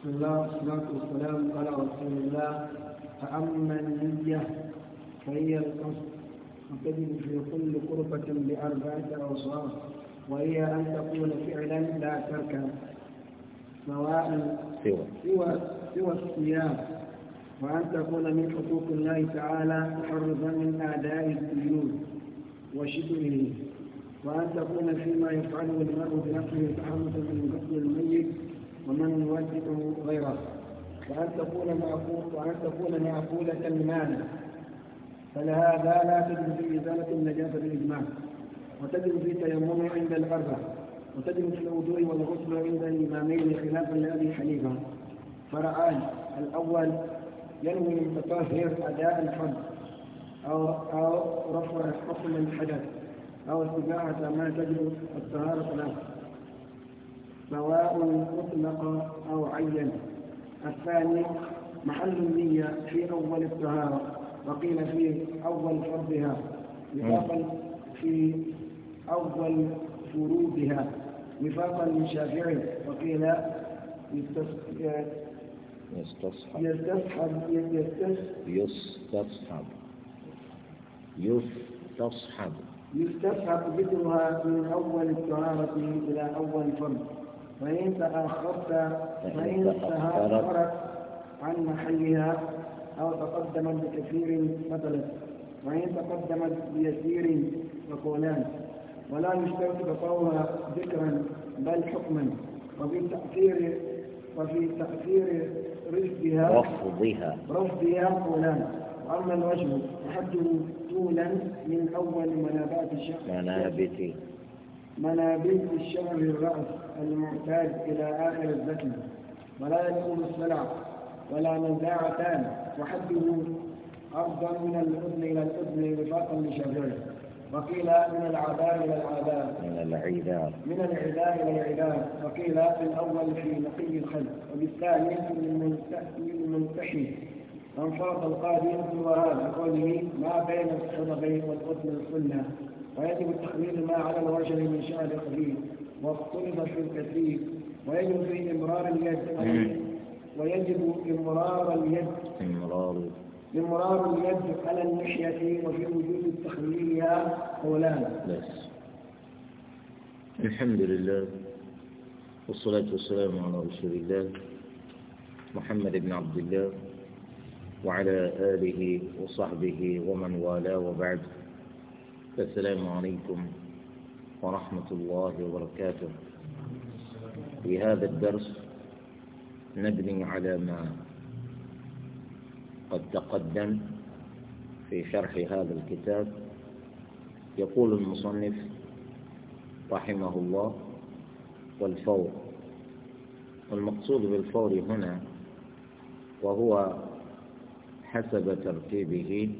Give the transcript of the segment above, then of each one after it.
بسم الله والصلاة والسلام على رسول الله فأما النية فهي القصد وتجد في كل قربة بأربعة أوصاف وهي أن تكون فعلا لا تركا سواء سوى سوى سوى الصيام وأن تكون من حقوق الله تعالى تحرزا من أداء الديون وشبهه وأن تكون فيما يفعله المرء بنفسه تحرزا من قتل الميت ومن يوجه غيره وأن تكون معقولة وأن تكون معقولة المال فلهذا لا تجد في إزالة النجاسة بالإجماع وتجد في التيمم عند الأربع وتجد في الوضوء والغسل عند الإمامين خلافا لأبي حنيفة فرعان الأول ينوي المتطهر أداء الحج أو أو رفع حكم الحدث أو استباحة ما تجد الطهارة له سواء مطلقا أو عينا الثاني محل النية في أول الطهارة وقيل في أول فرضها نفاقا في أول فروضها نفاقا للشافعي وقيل يستصحب يستصحب يستصحب يستصحب يستصحب ذكرها من أول الطهارة إلى أول فرض فإن تأخرت فإن تأخرت عن محلها أو تقدمت بكثير مثلا وإن تقدمت بيسير فقولان ولا يشترط بقولها ذكرا بل حكما وفي تأثير وفي تأثير رفضها رفضها رفضها قولان أما الوجه فحده طولا من أول منابات الشخص منابته منابذ الشمل الرأس المعتاد إلى آخر الزكي ولا يكون السلع ولا نزاعتان وحده أرضا من الأذن إلى الأذن رفاقا لشجره وقيل من العذاب إلى العذاب من العذاب من العذاب إلى العذاب وقيل في الأول في نقي الخلق وبالثاني في المنتحي انفرد القاضي ابن وهاب بقوله ما بين الصدغين والأذن السنه ويجب تخليل ما على الوجه من شأن الخبيث واختلف في الكثير ويجب فيه إمرار اليد ويجب إمرار اليد إمرار إمرار اليد على اللحية وفي وجود يا قولان بس الحمد لله والصلاة والسلام على رسول الله محمد بن عبد الله وعلى آله وصحبه ومن والاه وبعد السلام عليكم ورحمة الله وبركاته في هذا الدرس نبني على ما قد تقدم في شرح هذا الكتاب يقول المصنف رحمه الله والفور والمقصود بالفور هنا وهو حسب ترتيبه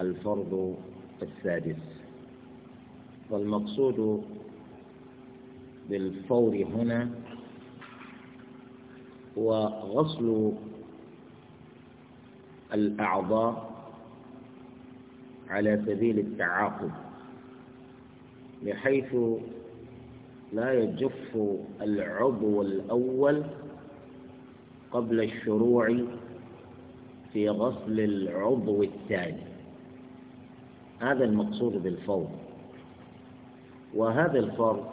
الفرض السادس والمقصود بالفور هنا هو غسل الأعضاء على سبيل التعاقب بحيث لا يجف العضو الأول قبل الشروع في غسل العضو الثاني هذا المقصود بالفرض وهذا الفرض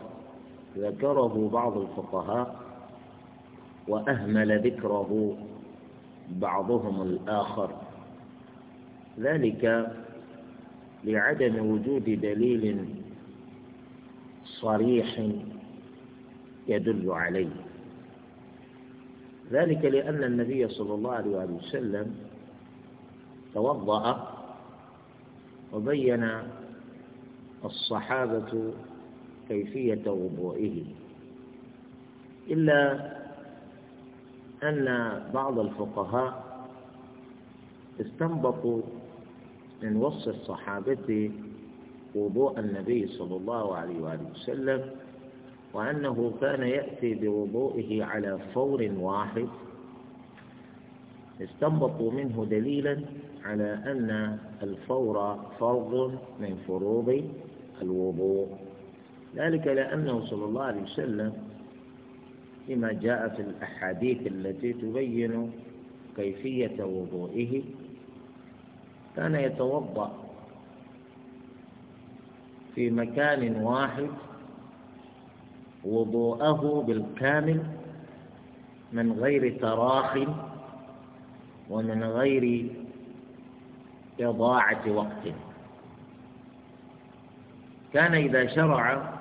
ذكره بعض الفقهاء وأهمل ذكره بعضهم الآخر ذلك لعدم وجود دليل صريح يدل عليه ذلك لأن النبي صلى الله عليه وسلم توضأ وبين الصحابة كيفية وضوئه إلا أن بعض الفقهاء استنبطوا من وصف الصحابة وضوء النبي صلى الله عليه وآله وسلم وأنه كان يأتي بوضوئه على فور واحد استنبطوا منه دليلا على أن الفور فرض من فروض الوضوء ذلك لأنه صلى الله عليه وسلم لما جاء في الأحاديث التي تبين كيفية وضوئه كان يتوضأ في مكان واحد وضوءه بالكامل من غير تراخٍ ومن غير إضاعة وقت كان إذا شرع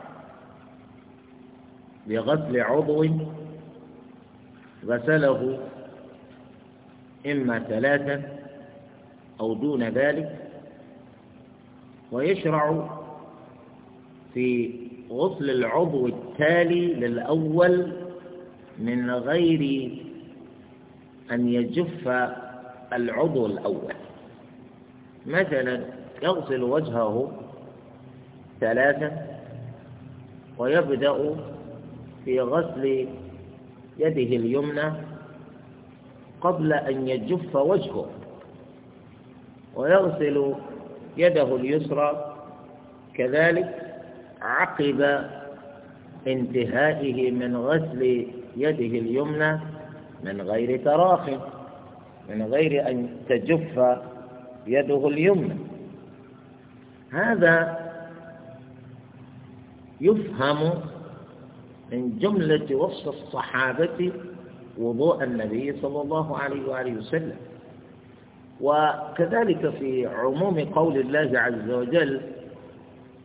بغسل عضو غسله إما ثلاثا أو دون ذلك ويشرع في غسل العضو التالي للأول من غير أن يجف العضو الأول مثلا يغسل وجهه ثلاثا ويبدأ في غسل يده اليمنى قبل أن يجف وجهه ويغسل يده اليسرى كذلك عقب انتهائه من غسل يده اليمنى من غير تراخ من غير أن تجف يده اليمنى هذا يفهم من جملة وصف الصحابة وضوء النبي صلى الله عليه وآله وسلم وكذلك في عموم قول الله عز وجل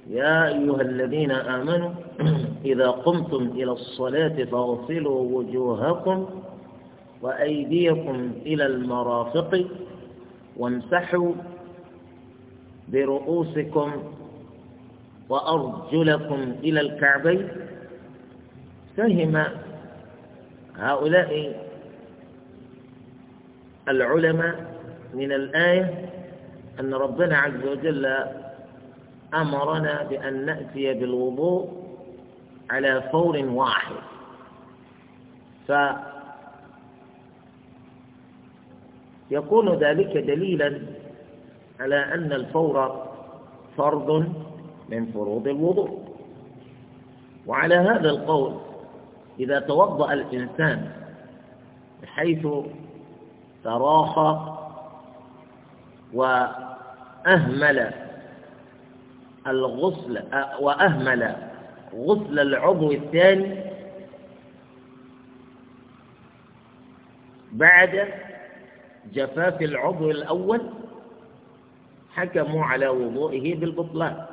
يا أيها الذين آمنوا إذا قمتم إلى الصلاة فاغسلوا وجوهكم وأيديكم إلى المرافق وامسحوا برؤوسكم وأرجلكم إلى الكعبين فهم هؤلاء العلماء من الآية أن ربنا عز وجل أمرنا بأن نأتي بالوضوء على فور واحد فالوضوء يكون ذلك دليلا على أن الفور فرض من فروض الوضوء وعلى هذا القول إذا توضأ الإنسان بحيث تراخى وأهمل الغسل وأهمل غسل العضو الثاني بعد جفاف العضو الأول حكموا على وضوئه بالبطلان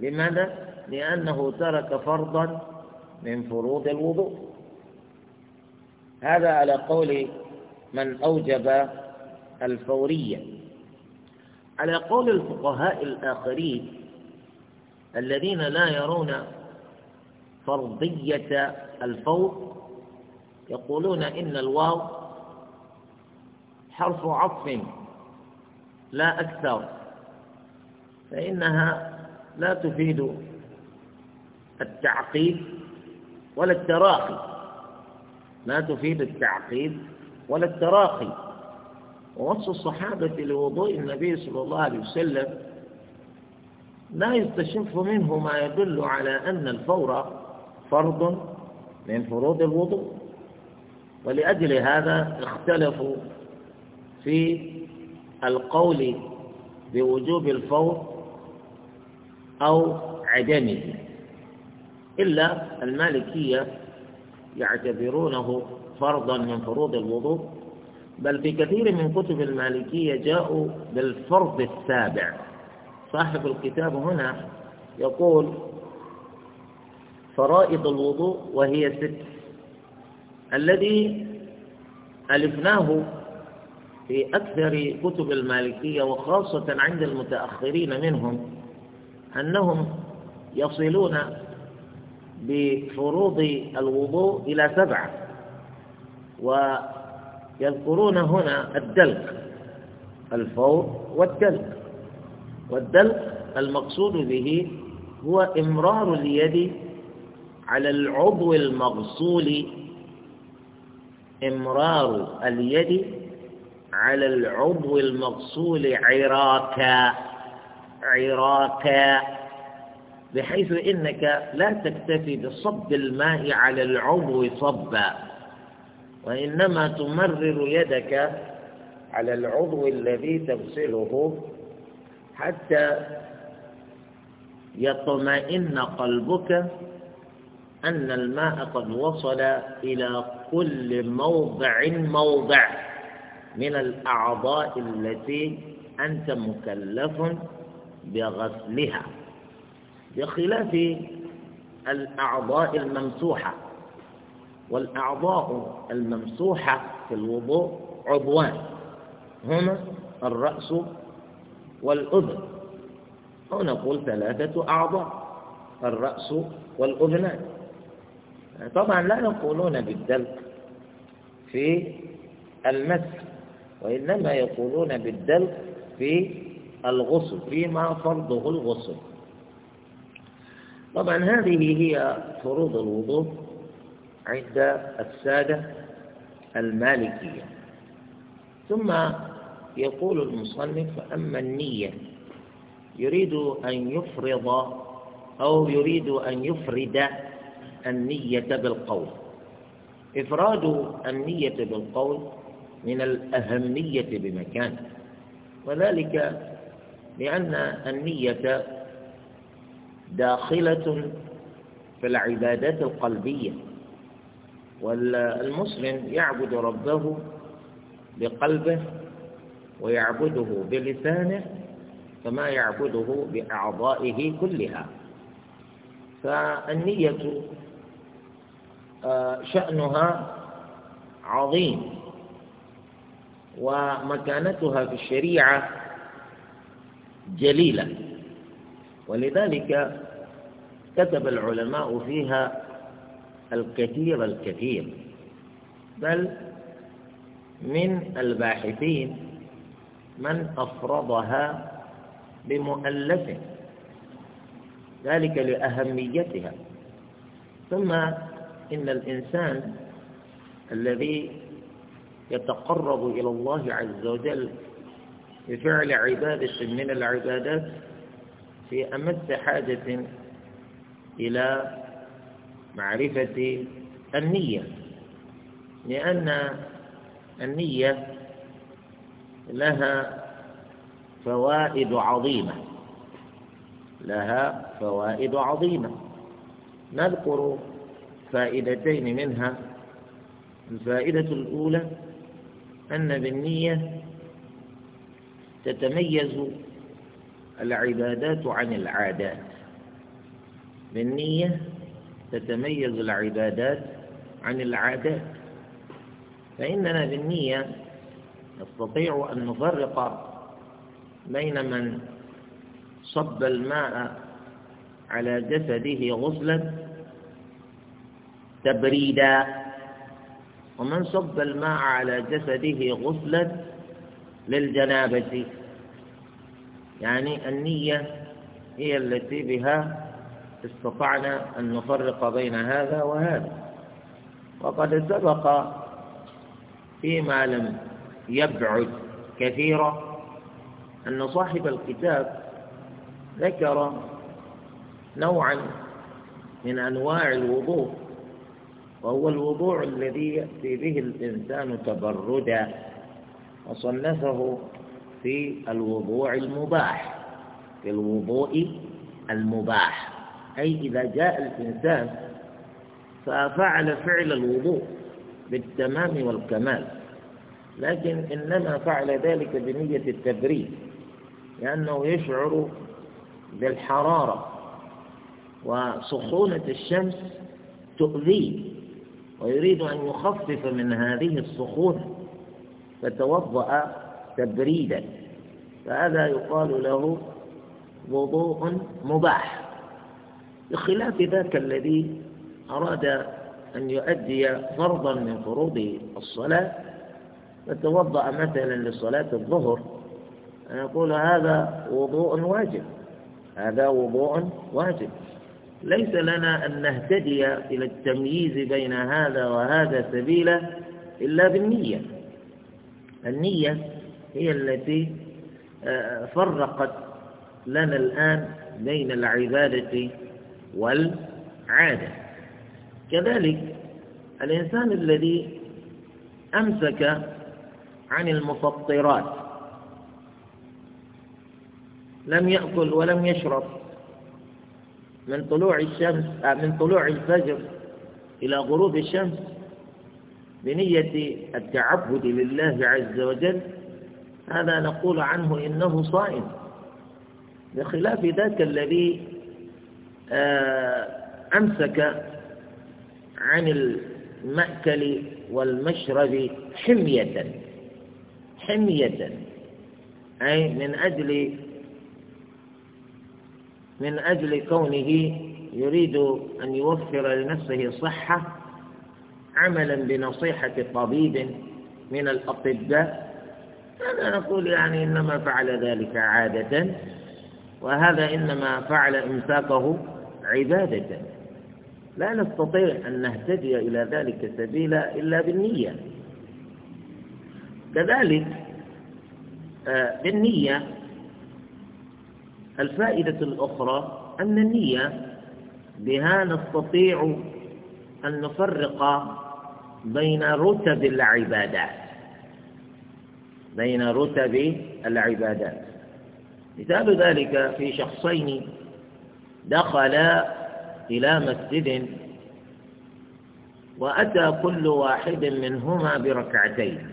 لماذا؟ لأنه ترك فرضا من فروض الوضوء هذا على قول من أوجب الفورية على قول الفقهاء الآخرين الذين لا يرون فرضية الفور يقولون إن الواو حرف عطف لا أكثر فإنها لا تفيد التعقيد ولا التراخي لا تفيد التعقيد ولا التراخي ووصف الصحابة لوضوء النبي صلى الله عليه وسلم لا يستشف منه ما يدل على أن الفور فرض من فروض الوضوء ولأجل هذا اختلفوا في القول بوجوب الفور أو عدمه إلا المالكية يعتبرونه فرضا من فروض الوضوء بل في كثير من كتب المالكية جاءوا بالفرض السابع صاحب الكتاب هنا يقول فرائض الوضوء وهي ست الذي ألفناه في أكثر كتب المالكية وخاصة عند المتأخرين منهم أنهم يصلون بفروض الوضوء إلى سبعة ويذكرون هنا الدلق الفور والدلق والدلق المقصود به هو إمرار اليد على العضو المغسول إمرار اليد على العضو المغسول عراكا عراكا بحيث إنك لا تكتفي بصب الماء على العضو صبا وإنما تمرر يدك على العضو الذي تغسله حتى يطمئن قلبك أن الماء قد وصل إلى كل موضع موضع من الأعضاء التي أنت مكلف بغسلها بخلاف الأعضاء الممسوحة والأعضاء الممسوحة في الوضوء عضوان هما الرأس والأذن أو نقول ثلاثة أعضاء الرأس والأذنان طبعا لا يقولون بالدلك في المسح وإنما يقولون بالدلق في الغسل فيما فرضه الغسل طبعا هذه هي فروض الوضوء عند السادة المالكية ثم يقول المصنف أما النية يريد أن يفرض أو يريد أن يفرد النية بالقول إفراد النية بالقول من الأهمية بمكان وذلك لأن النية داخلة في العبادات القلبية والمسلم يعبد ربه بقلبه ويعبده بلسانه كما يعبده بأعضائه كلها فالنية آه، شأنها عظيم ومكانتها في الشريعة جليلة ولذلك كتب العلماء فيها الكثير الكثير بل من الباحثين من أفرضها بمؤلفه ذلك لأهميتها ثم إن الإنسان الذي يتقرب إلى الله عز وجل بفعل عبادة من العبادات في أمس حاجة إلى معرفة النية لأن النية لها فوائد عظيمة لها فوائد عظيمة نذكر فائدتين منها الفائدة الأولى أن بالنية تتميز العبادات عن العادات بالنية تتميز العبادات عن العادات فإننا بالنية نستطيع أن نفرق بين من صب الماء على جسده غسلا تبريدا ومن صب الماء على جسده غسلا للجنابة يعني النية هي التي بها استطعنا أن نفرق بين هذا وهذا وقد سبق فيما لم يبعد كثيرا أن صاحب الكتاب ذكر نوعا من أنواع الوضوء وهو الوضوع الذي يأتي به الإنسان تبردا وصنفه في الوضوع المباح في الوضوء المباح أي إذا جاء الإنسان ففعل فعل الوضوء بالتمام والكمال لكن إنما فعل ذلك بنية التبريد لأنه يشعر بالحرارة وسخونة الشمس تؤذيه ويريد أن يخفف من هذه السخونة فتوضأ تبريدا فهذا يقال له وضوء مباح بخلاف ذاك الذي أراد أن يؤدي فرضا من فروض الصلاة فتوضأ مثلا لصلاة الظهر أن يقول هذا وضوء واجب هذا وضوء واجب ليس لنا أن نهتدي إلى التمييز بين هذا وهذا سبيلا إلا بالنية النية هي التي آه، فرقت لنا الآن بين العبادة والعادة كذلك الإنسان الذي أمسك عن المفطرات لم يأكل ولم يشرب من طلوع الشمس آه، من طلوع الفجر إلى غروب الشمس بنية التعبد لله عز وجل هذا نقول عنه إنه صائم بخلاف ذاك الذي آه، أمسك عن المأكل والمشرب حمية حمية أي من أجل من أجل كونه يريد أن يوفر لنفسه صحة عملا بنصيحة طبيب من الأطباء هذا نقول يعني إنما فعل ذلك عادة وهذا إنما فعل إمساكه عبادة لا نستطيع أن نهتدي إلى ذلك سبيلا إلا بالنية كذلك آه، بالنية الفائدة الأخرى أن النية بها نستطيع أن نفرق بين رتب العبادات بين رتب العبادات مثال ذلك في شخصين دخلا إلى مسجد وأتى كل واحد منهما بركعتين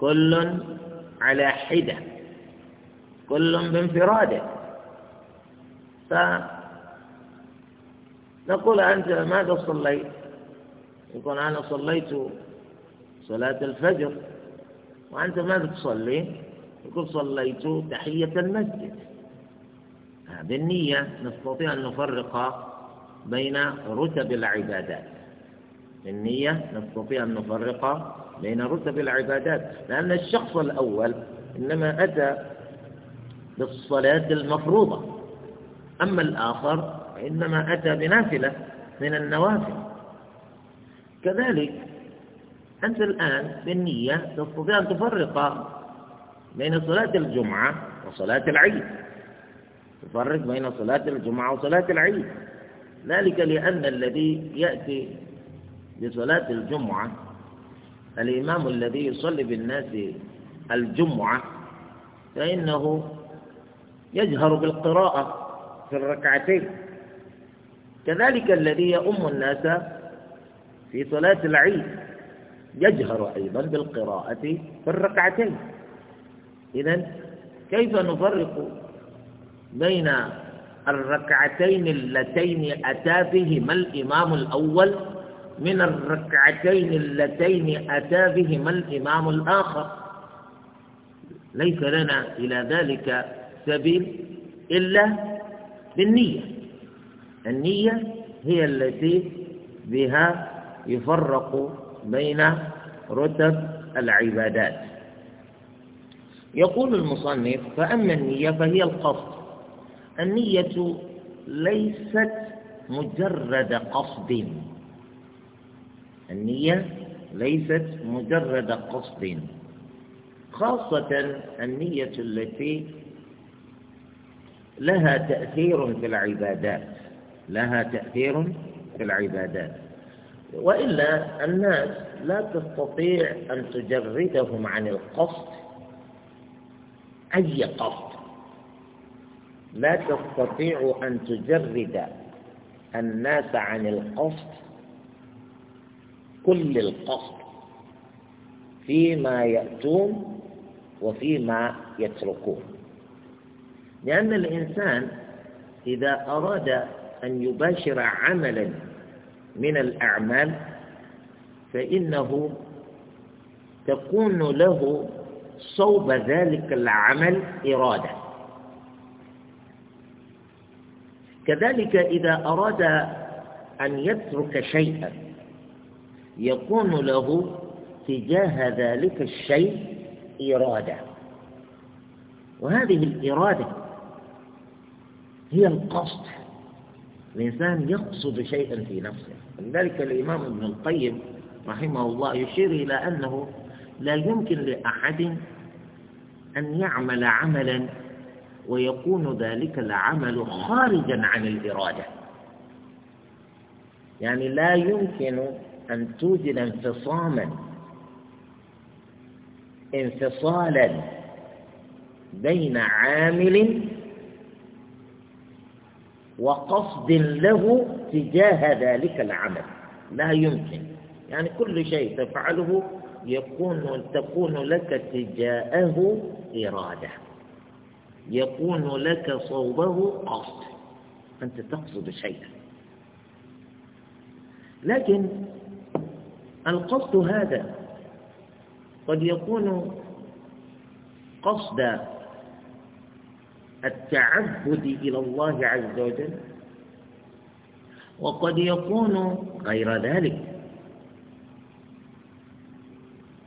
كل على حدة كل بانفراده فنقول أنت ماذا صليت يقول أنا صليت صلاة الفجر وأنت ماذا تصلي يقول صليت تحية المسجد بالنية نستطيع أن نفرق بين رتب العبادات بالنية نستطيع أن نفرق بين رتب العبادات لأن الشخص الأول إنما أتى بالصلاة المفروضة أما الآخر إنما أتى بنافلة من النوافل كذلك أنت الآن بالنية تستطيع أن تفرق بين صلاة الجمعة وصلاة العيد تفرق بين صلاة الجمعة وصلاة العيد ذلك لأن الذي يأتي لصلاة الجمعة الإمام الذي يصلي بالناس الجمعة فإنه يجهر بالقراءة في الركعتين كذلك الذي يؤم الناس في صلاة العيد يجهر أيضا بالقراءة في الركعتين إذا كيف نفرق بين الركعتين اللتين أتى بهما الإمام الأول من الركعتين اللتين أتى بهما الإمام الآخر ليس لنا إلى ذلك السبيل إلا بالنية النية هي التي بها يفرق بين رتب العبادات يقول المصنف فأما النية فهي القصد النية ليست مجرد قصد النية ليست مجرد قصد خاصة النية التي لها تأثير في العبادات لها تأثير في العبادات وإلا الناس لا تستطيع أن تجردهم عن القصد أي قصد لا تستطيع أن تجرد الناس عن القصد كل القصد فيما يأتون وفيما يتركون لأن الإنسان إذا أراد أن يباشر عملا من الأعمال فإنه تكون له صوب ذلك العمل إرادة كذلك إذا أراد أن يترك شيئا يكون له تجاه ذلك الشيء إرادة وهذه الإرادة هي القصد الإنسان يقصد شيئا في نفسه لذلك الإمام ابن القيم رحمه الله يشير إلى أنه لا يمكن لأحد أن يعمل عملا ويكون ذلك العمل خارجا عن الإرادة يعني لا يمكن أن توجد انفصاما انفصالا بين عامل وقصد له تجاه ذلك العمل لا يمكن يعني كل شيء تفعله يكون تكون لك تجاهه إرادة يكون لك صوبه قصد أنت تقصد شيئا لكن القصد هذا قد يكون قصد التعبد إلى الله عز وجل وقد يكون غير ذلك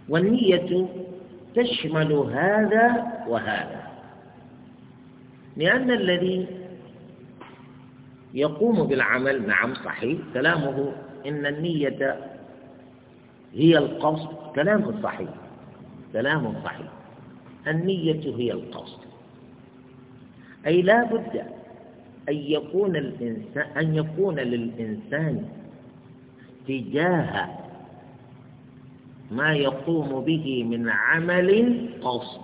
والنية تشمل هذا وهذا لأن الذي يقوم بالعمل نعم صحيح كلامه إن النية هي القصد كلام صحيح كلام صحيح النية هي القصد أي لا بد أن يكون الإنسان أن يكون للإنسان تجاه ما يقوم به من عمل قصد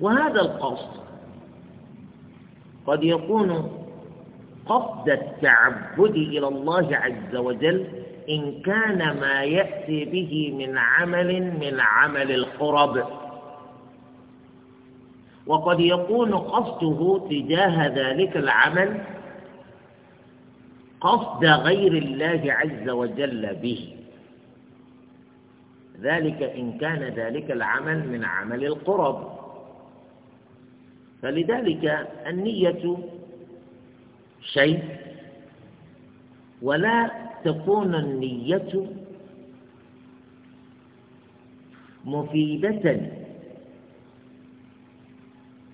وهذا القصد قد يكون قصد التعبد إلى الله عز وجل إن كان ما يأتي به من عمل من عمل القرب وقد يكون قصده تجاه ذلك العمل قصد غير الله عز وجل به ذلك إن كان ذلك العمل من عمل القرب فلذلك النية شيء ولا تكون النية مفيدة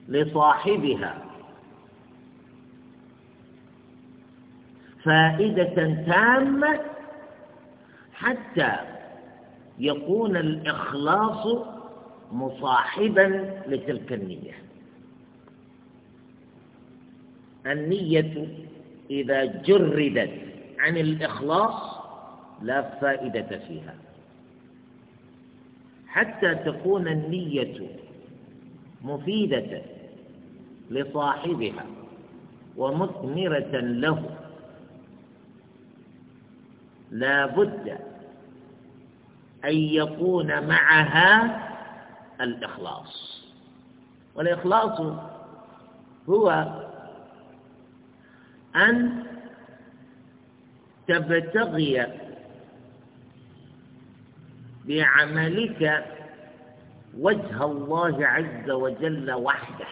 لصاحبها فائدة تامة حتى يكون الإخلاص مصاحبا لتلك النية النية إذا جردت عن الإخلاص لا فائدة فيها حتى تكون النية مفيدة لصاحبها ومثمرة له لا بد أن يكون معها الإخلاص والإخلاص هو أن تبتغي بعملك وجه الله عز وجل وحده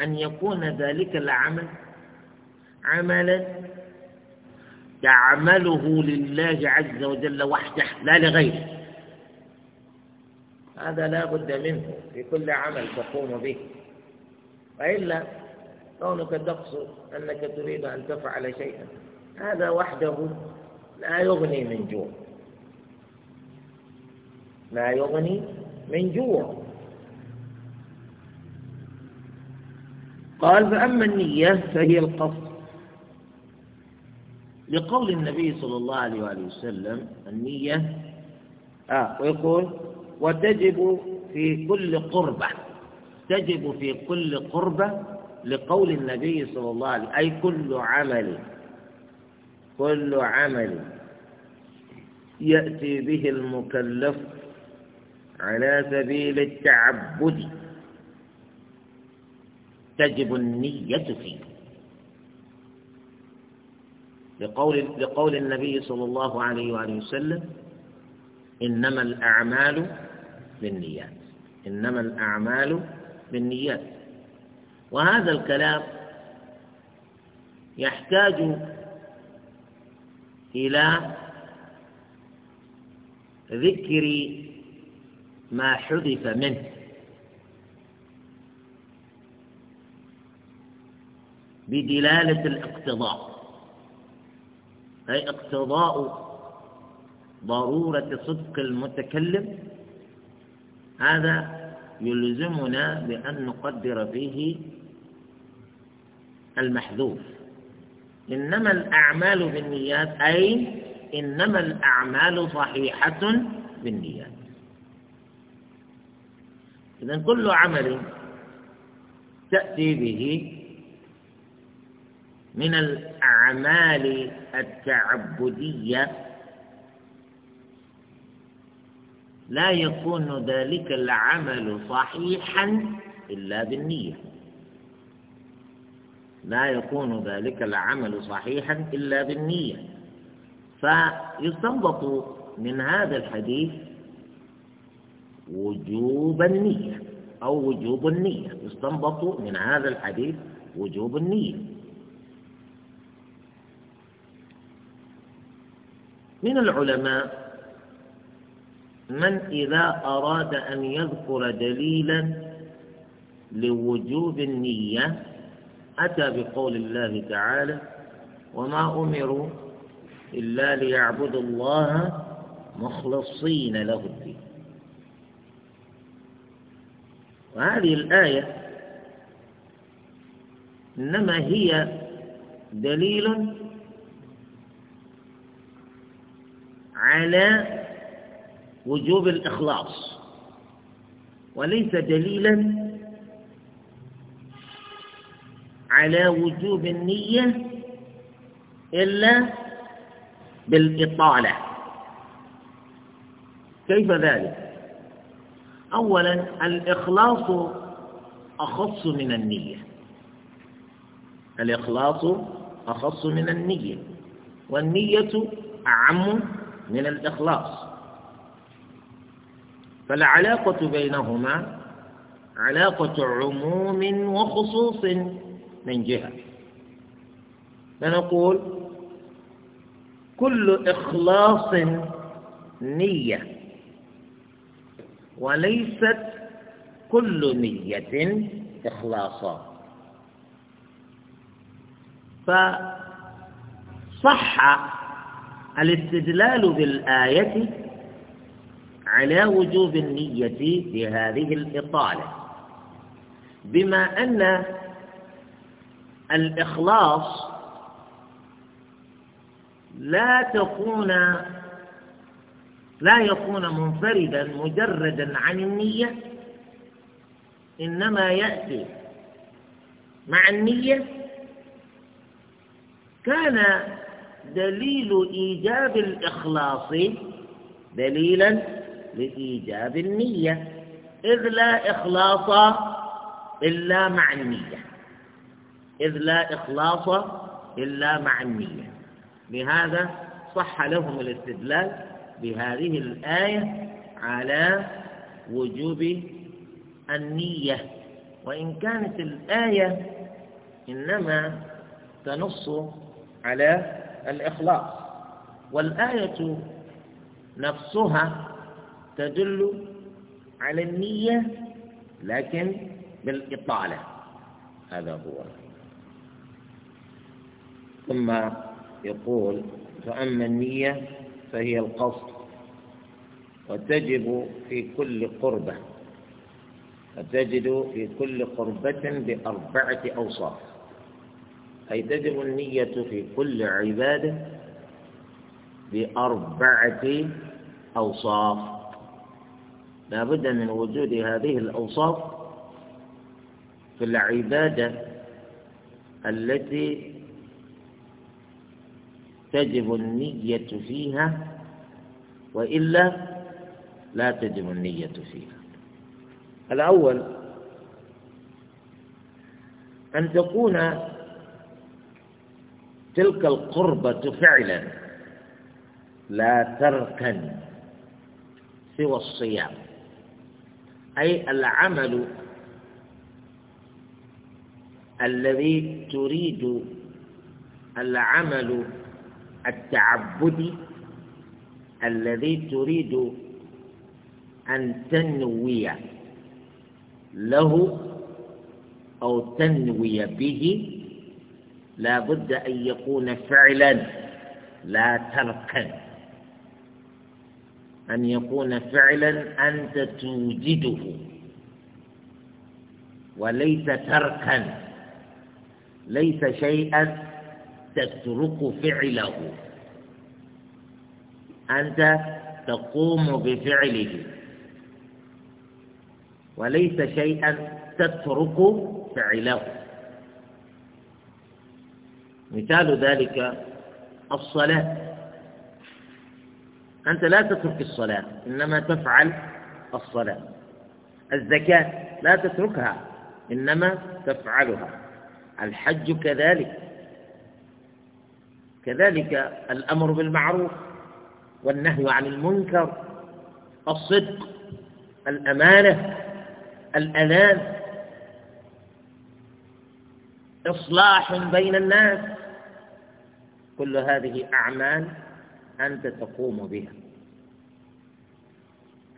أن يكون ذلك العمل عملا تعمله لله عز وجل وحده لا لغيره هذا لا بد منه في كل عمل تقوم به وإلا كونك تقصد أنك تريد أن تفعل شيئا هذا وحده لا يغني من جوع ما يغني من جوع قال فأما النية فهي القصد لقول النبي صلى الله عليه وآله وسلم النية آه ويقول وتجب في كل قربة تجب في كل قربة لقول النبي صلى الله عليه وسلم أي كل عمل كل عمل يأتي به المكلف على سبيل التعبد تجب النية فيه لقول, لقول النبي صلى الله عليه وآله وسلم إنما الأعمال بالنيات إنما الأعمال بالنيات وهذا الكلام يحتاج إلى ذكر ما حذف منه بدلالة الاقتضاء أي اقتضاء ضرورة صدق المتكلم هذا يلزمنا بأن نقدر فيه المحذوف إنما الأعمال بالنيات أي إنما الأعمال صحيحة بالنيات إذن كل عمل تأتي به من الأعمال التعبدية لا يكون ذلك العمل صحيحا إلا بالنية لا يكون ذلك العمل صحيحا إلا بالنية فيستنبط من هذا الحديث وجوب النية أو وجوب النية يستنبط من هذا الحديث وجوب النية من العلماء من إذا أراد أن يذكر دليلا لوجوب النية أتى بقول الله تعالى وما أمروا إلا ليعبدوا الله مخلصين له الدين وهذه الآية إنما هي دليل على وجوب الإخلاص وليس دليلا على وجوب النية إلا بالإطالة كيف ذلك؟ أولا الإخلاص أخص من النية الإخلاص أخص من النية والنية أعم من الإخلاص فالعلاقة بينهما علاقة عموم وخصوص من جهة فنقول كل إخلاص نية وليست كل نية إخلاصا فصح الاستدلال بالآية على وجوب النية بهذه الإطالة بما أن الإخلاص لا تكون لا يكون منفردا مجردا عن النية إنما يأتي مع النية كان دليل إيجاب الإخلاص دليلا لإيجاب النية إذ لا إخلاص إلا مع النية إذ لا إخلاص إلا مع النية لهذا صح لهم الاستدلال بهذه الآية على وجوب النية وإن كانت الآية إنما تنص على الإخلاص والآية نفسها تدل على النية لكن بالإطالة هذا هو ثم يقول فأما النية فهي القصد وتجب في كل قربة فتجد في كل قربة بأربعة أوصاف أي تجب النية في كل عبادة بأربعة أوصاف لا بد من وجود هذه الأوصاف في العبادة التي تجب النية فيها وإلا لا تجب النية فيها الأول أن تكون تلك القربة فعلا لا تركن سوى الصيام أي العمل الذي تريد العمل التعبد الذي تريد أن تنوي له أو تنوي به لا بد أن يكون فعلا لا تركا أن يكون فعلا أنت توجده وليس تركا ليس شيئا تترك فعله أنت تقوم بفعله وليس شيئا تترك فعله مثال ذلك الصلاة أنت لا تترك الصلاة إنما تفعل الصلاة الزكاة لا تتركها إنما تفعلها الحج كذلك كذلك الأمر بالمعروف والنهي عن المنكر الصدق الأمانة الأذان إصلاح بين الناس كل هذه أعمال أنت تقوم بها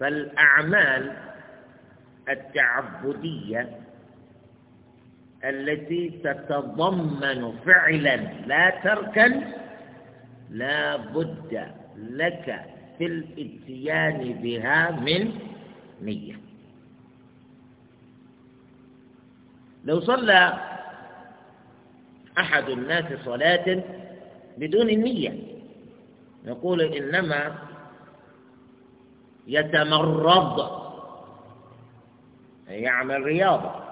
فالأعمال التعبدية التي تتضمن فعلا لا تركا لا بد لك في الاتيان بها من نية لو صلى أحد الناس صلاة بدون النية يقول إنما يتمرض يعمل رياضة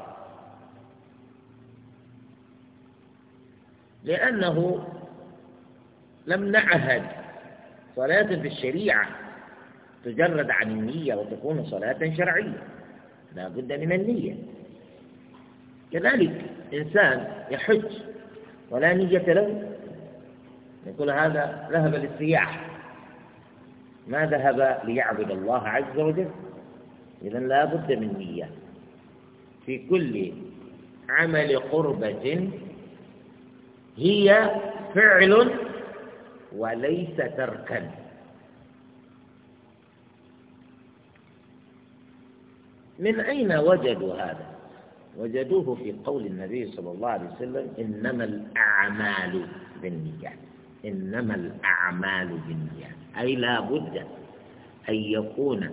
لأنه لم نعهد صلاة في الشريعة تجرد عن النية وتكون صلاة شرعية لا بد من النية كذلك إنسان يحج ولا نية له يقول هذا ذهب للسياح ما ذهب ليعبد الله عز وجل إذا لا بد من نية في كل عمل قربة هي فعل وليس تركا من أين وجدوا هذا وجدوه في قول النبي صلى الله عليه وسلم إنما الأعمال بالنيات إنما الأعمال بالنيات أي لا بد أن يكون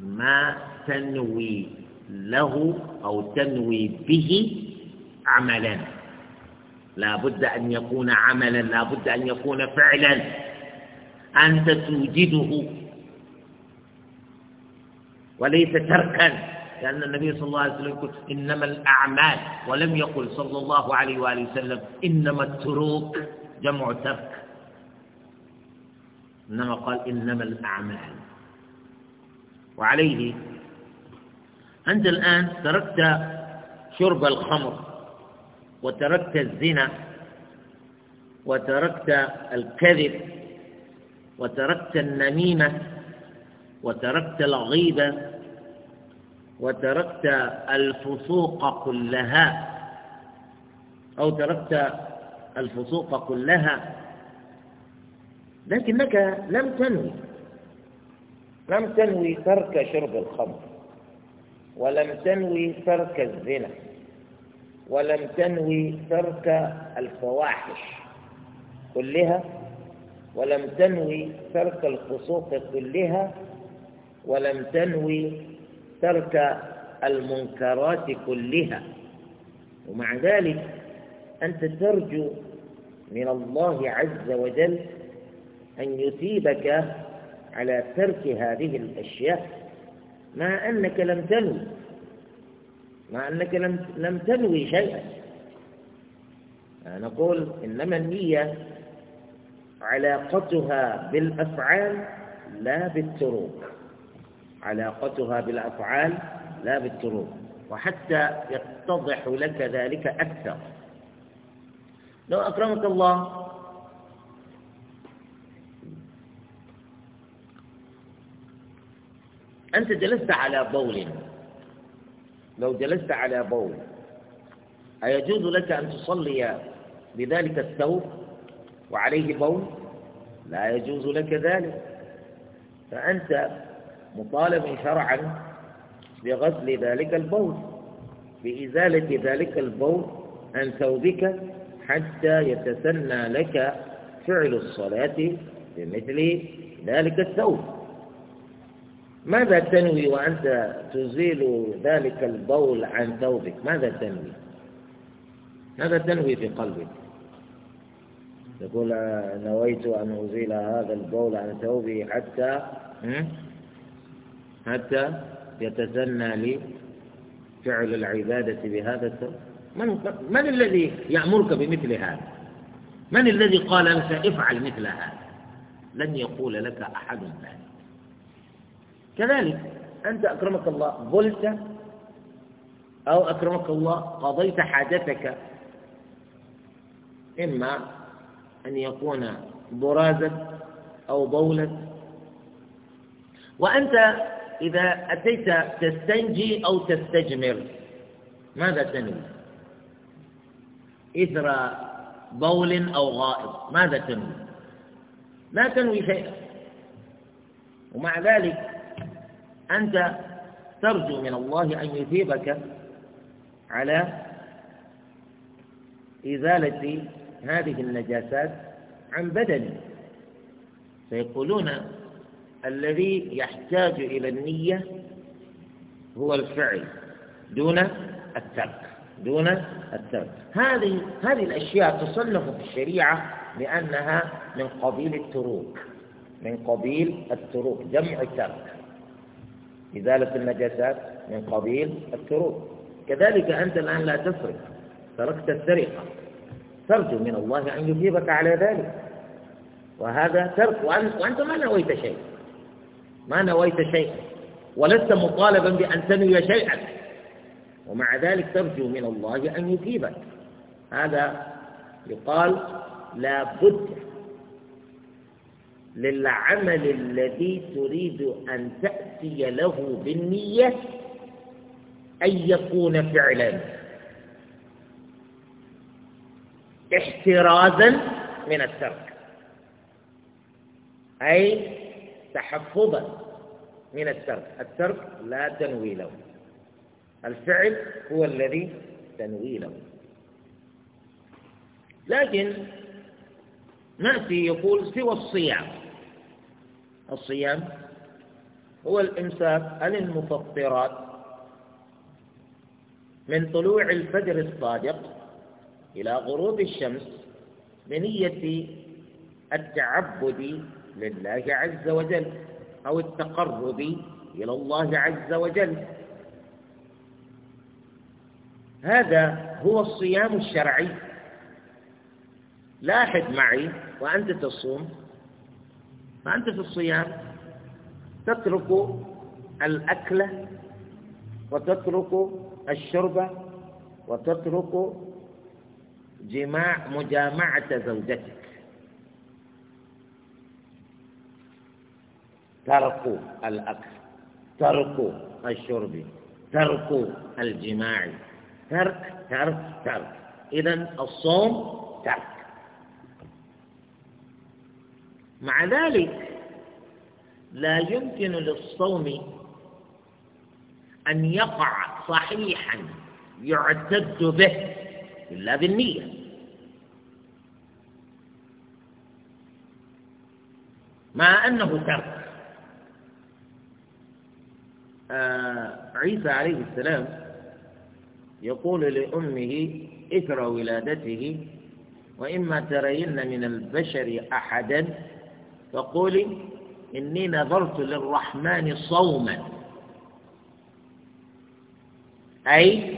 ما تنوي له أو تنوي به عملاً لا بد أن يكون عملا لا بد أن يكون فعلا أنت توجده وليس تركا لأن النبي صلى الله عليه وسلم يقول إنما الأعمال ولم يقل صلى الله عليه وآله وسلم إنما التروك جمع ترك إنما قال إنما الأعمال وعليه أنت الآن تركت شرب الخمر وتركت الزنا وتركت الكذب وتركت النميمة وتركت الغيبة وتركت الفسوق كلها أو تركت الفسوق كلها لكنك لم تنوي لم تنوي ترك شرب الخمر ولم تنوي ترك الزنا ولم تنوي ترك الفواحش كلها ولم تنوي ترك الفسوق كلها ولم تنوي ترك المنكرات كلها ومع ذلك أنت ترجو من الله عز وجل أن يثيبك على ترك هذه الأشياء مع أنك لم تنوي مع أنك لم, لم تنوي شيئا نقول إنما النية علاقتها بالأفعال لا بالتروب علاقتها بالأفعال لا بالتروب وحتى يتضح لك ذلك أكثر لو أكرمك الله أنت جلست على بول لو جلست على بول أيجوز لك أن تصلي بذلك الثوب وعليه بول لا يجوز لك ذلك فأنت مطالب شرعا بغسل ذلك البول بإزالة ذلك البول عن ثوبك حتى يتسنى لك فعل الصلاة بمثل ذلك الثوب ماذا تنوي وأنت تزيل ذلك البول عن ثوبك ماذا تنوي ماذا تنوي في قلبك تقول نويت أن أزيل هذا البول عن ثوبي حتى حتى يتسنى لي فعل العبادة بهذا الثوب من, من الذي يأمرك بمثل هذا من الذي قال لك افعل مثل هذا لن يقول لك أحد ذلك كذلك أنت أكرمك الله بلت أو أكرمك الله قضيت حاجتك إما أن يكون برازة أو بولة وأنت إذا أتيت تستنجي أو تستجمر ماذا تنوي إثر بول أو غائط ماذا تنوي لا تنوي شيئا ومع ذلك أنت ترجو من الله أن يثيبك على إزالة هذه النجاسات عن بدنك فيقولون الذي يحتاج إلى النية هو الفعل دون الترك دون الترك هذه هذه الأشياء تصنف في الشريعة لأنها من قبيل التروك من قبيل التروك جمع الترك إزالة النجاسات من قبيل التروب كذلك أنت الآن لا تسرق تركت السرقة ترجو من الله أن يجيبك على ذلك وهذا ترك وأنت ما نويت شيء ما نويت شيئا ولست مطالبا بأن تنوي شيئا ومع ذلك ترجو من الله أن يجيبك هذا يقال لا بد للعمل الذي تريد أن تأتي يأتي له بالنية أن يكون فعلا احترازا من الترك أي تحفظا من الترك الترك لا تنوي له الفعل هو الذي تنوي له لكن نأتي يقول سوى الصيام الصيام هو الإمساك عن المفطرات من طلوع الفجر الصادق إلى غروب الشمس بنية التعبد لله عز وجل أو التقرب إلى الله عز وجل هذا هو الصيام الشرعي لاحظ معي وأنت تصوم فأنت في الصيام تترك الأكل وتترك الشرب وتترك جماع مجامعة زوجتك ترك الأكل ترك الشرب ترك الجماع ترك ترك ترك إذا الصوم ترك مع ذلك لا يمكن للصوم أن يقع صحيحا يعتد به إلا بالنية مع أنه ترك آه عيسى عليه السلام يقول لأمه إثر ولادته وإما ترين من البشر أحدا فقولي إني نذرت للرحمن صوما أي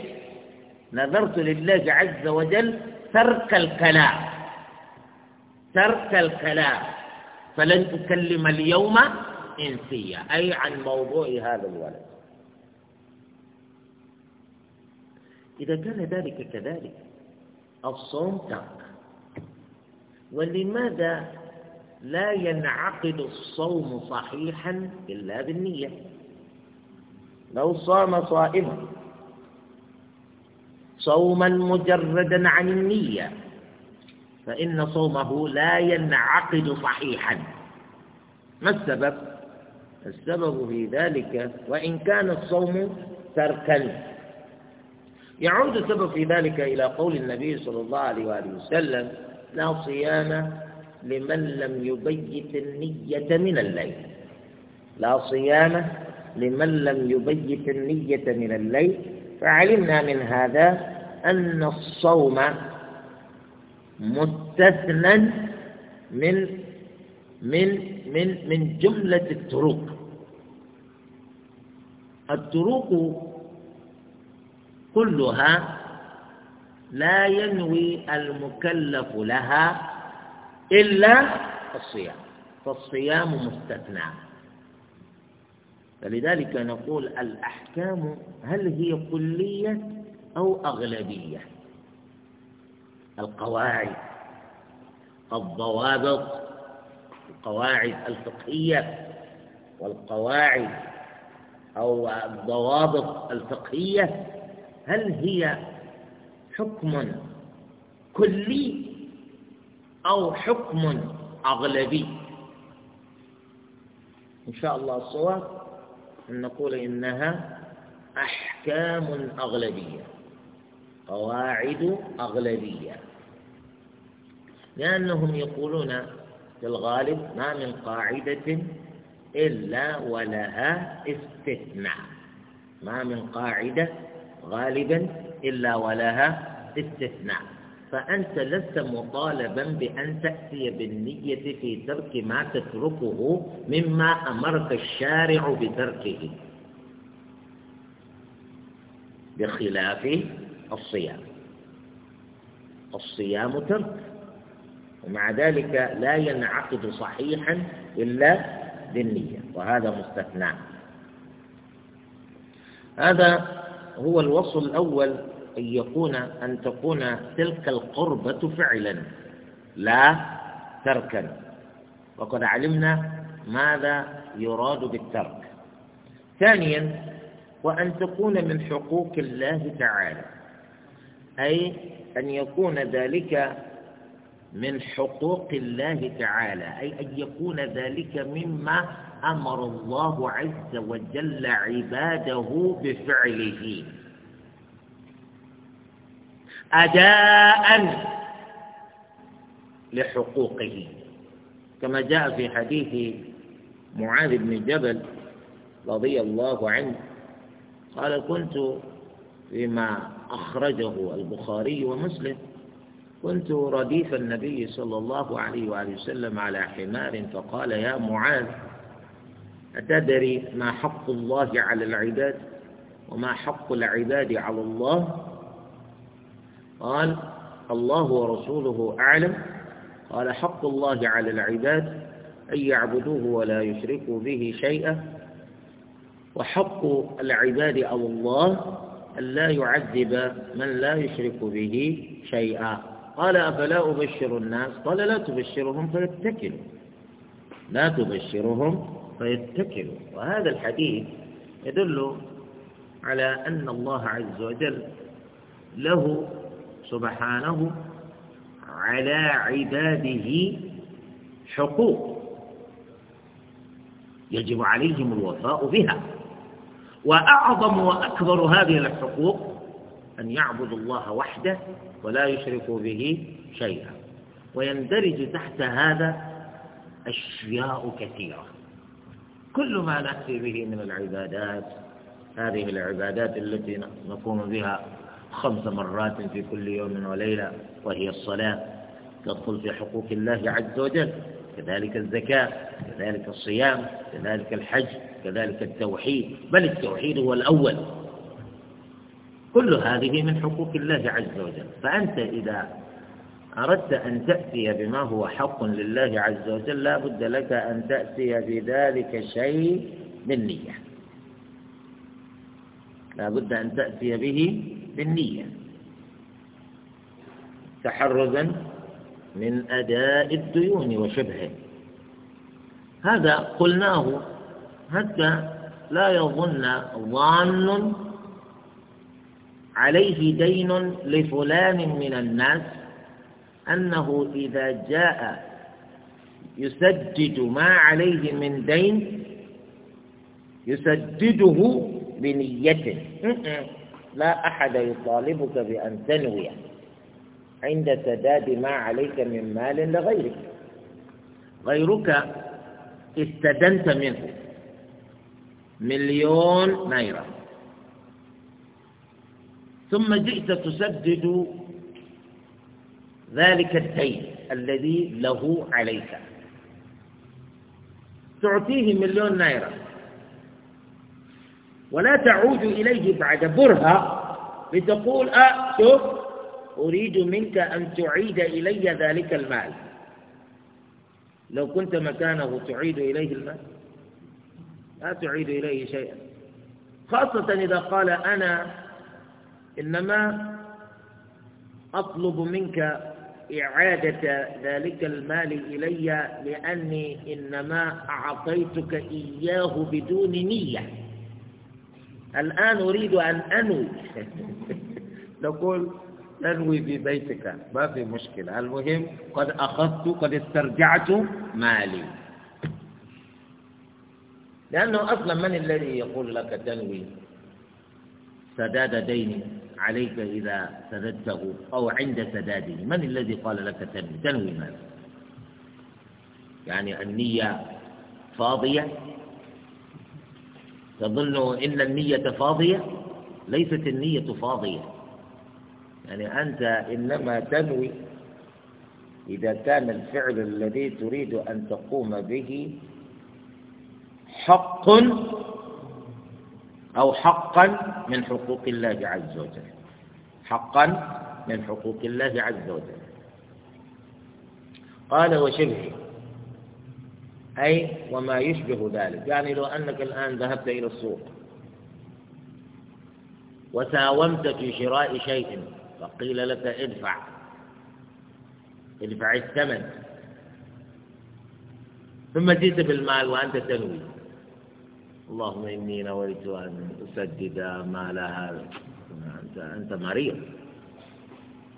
نذرت لله عز وجل ترك الكلام ترك الكلام فلن أكلم اليوم إنسية أي عن موضوع هذا الولد إذا كان ذلك كذلك الصوم ترك ولماذا لا ينعقد الصوم صحيحا إلا بالنية لو صام صائما صوما مجردا عن النية فإن صومه لا ينعقد صحيحا ما السبب؟ السبب في ذلك وإن كان الصوم تركا يعود السبب في ذلك إلى قول النبي صلى الله عليه وآله وسلم لا صيام لمن لم يبيت النية من الليل لا صيام لمن لم يبيت النية من الليل فعلمنا من هذا أن الصوم مستثنى من من من من جملة الطرق الطرق كلها لا ينوي المكلف لها إلا الصيام فالصيام مستثنى فلذلك نقول الأحكام هل هي كلية أو أغلبية القواعد الضوابط القواعد الفقهية والقواعد أو الضوابط الفقهية هل هي حكم كلي أو حكم أغلبي إن شاء الله الصواب أن نقول إنها أحكام أغلبية قواعد أغلبية لأنهم يقولون في الغالب ما من قاعدة إلا ولها استثناء ما من قاعدة غالبا إلا ولها استثناء فأنت لست مطالبا بأن تأتي بالنية في ترك ما تتركه مما أمرك الشارع بتركه بخلاف الصيام الصيام ترك ومع ذلك لا ينعقد صحيحا إلا بالنية وهذا مستثنى هذا هو الوصف الأول أن يكون أن تكون تلك القربة فعلا لا تركا وقد علمنا ماذا يراد بالترك ثانيا وأن تكون من حقوق الله تعالى أي أن يكون ذلك من حقوق الله تعالى أي أن يكون ذلك مما أمر الله عز وجل عباده بفعله أداء لحقوقه كما جاء في حديث معاذ بن جبل رضي الله عنه قال كنت فيما أخرجه البخاري ومسلم كنت رديف النبي صلى الله عليه وآله وسلم على حمار فقال يا معاذ أتدري ما حق الله على العباد وما حق العباد على الله قال الله ورسوله أعلم قال حق الله على العباد أن يعبدوه ولا يشركوا به شيئا وحق العباد أو الله أن لا يعذب من لا يشرك به شيئا قال أفلا أبشر الناس قال لا تبشرهم فيتكلوا لا تبشرهم فيتكلوا وهذا الحديث يدل على أن الله عز وجل له سبحانه على عباده حقوق يجب عليهم الوفاء بها وأعظم وأكبر هذه الحقوق أن يعبدوا الله وحده ولا يشركوا به شيئا ويندرج تحت هذا أشياء كثيرة كل ما نأتي به من العبادات هذه العبادات التي نقوم بها خمس مرات في كل يوم وليلة وهي الصلاة تدخل في حقوق الله عز وجل كذلك الزكاة كذلك الصيام كذلك الحج كذلك التوحيد بل التوحيد هو الأول كل هذه من حقوق الله عز وجل فأنت إذا أردت أن تأتي بما هو حق لله عز وجل لا بد لك أن تأتي بذلك شيء بالنية لا بد أن تأتي به بالنية تحرزا من أداء الديون وشبهه هذا قلناه حتى لا يظن ظان عليه دين لفلان من الناس أنه إذا جاء يسدد ما عليه من دين يسدده بنيته لا أحد يطالبك بأن تنوي عند سداد ما عليك من مال لغيرك غيرك استدنت منه مليون نيرة ثم جئت تسدد ذلك الدين الذي له عليك تعطيه مليون نيرة ولا تعود إليه بعد برهة لتقول أه شوف أريد منك أن تعيد إلي ذلك المال لو كنت مكانه تعيد إليه المال لا تعيد إليه شيئا خاصة إذا قال أنا إنما أطلب منك إعادة ذلك المال إلي لأني إنما أعطيتك إياه بدون نية الآن أريد أن أنوي نقول أنوي في بيتك ما في مشكلة المهم قد أخذت قد استرجعت مالي لأنه أصلا من الذي يقول لك تنوي سداد ديني عليك إذا سددته أو عند سداده من الذي قال لك تنوي تنوي مالي يعني النية فاضية تظن إن النية فاضية ليست النية فاضية يعني أنت إنما تنوي إذا كان الفعل الذي تريد أن تقوم به حق أو حقا من حقوق الله عز وجل حقا من حقوق الله عز وجل قال وشبه أي وما يشبه ذلك يعني لو أنك الآن ذهبت إلى السوق وساومت في شراء شيء فقيل لك ادفع ادفع الثمن ثم جئت بالمال وأنت تنوي اللهم إني نويت أن أسدد مال هذا أنت أنت مريض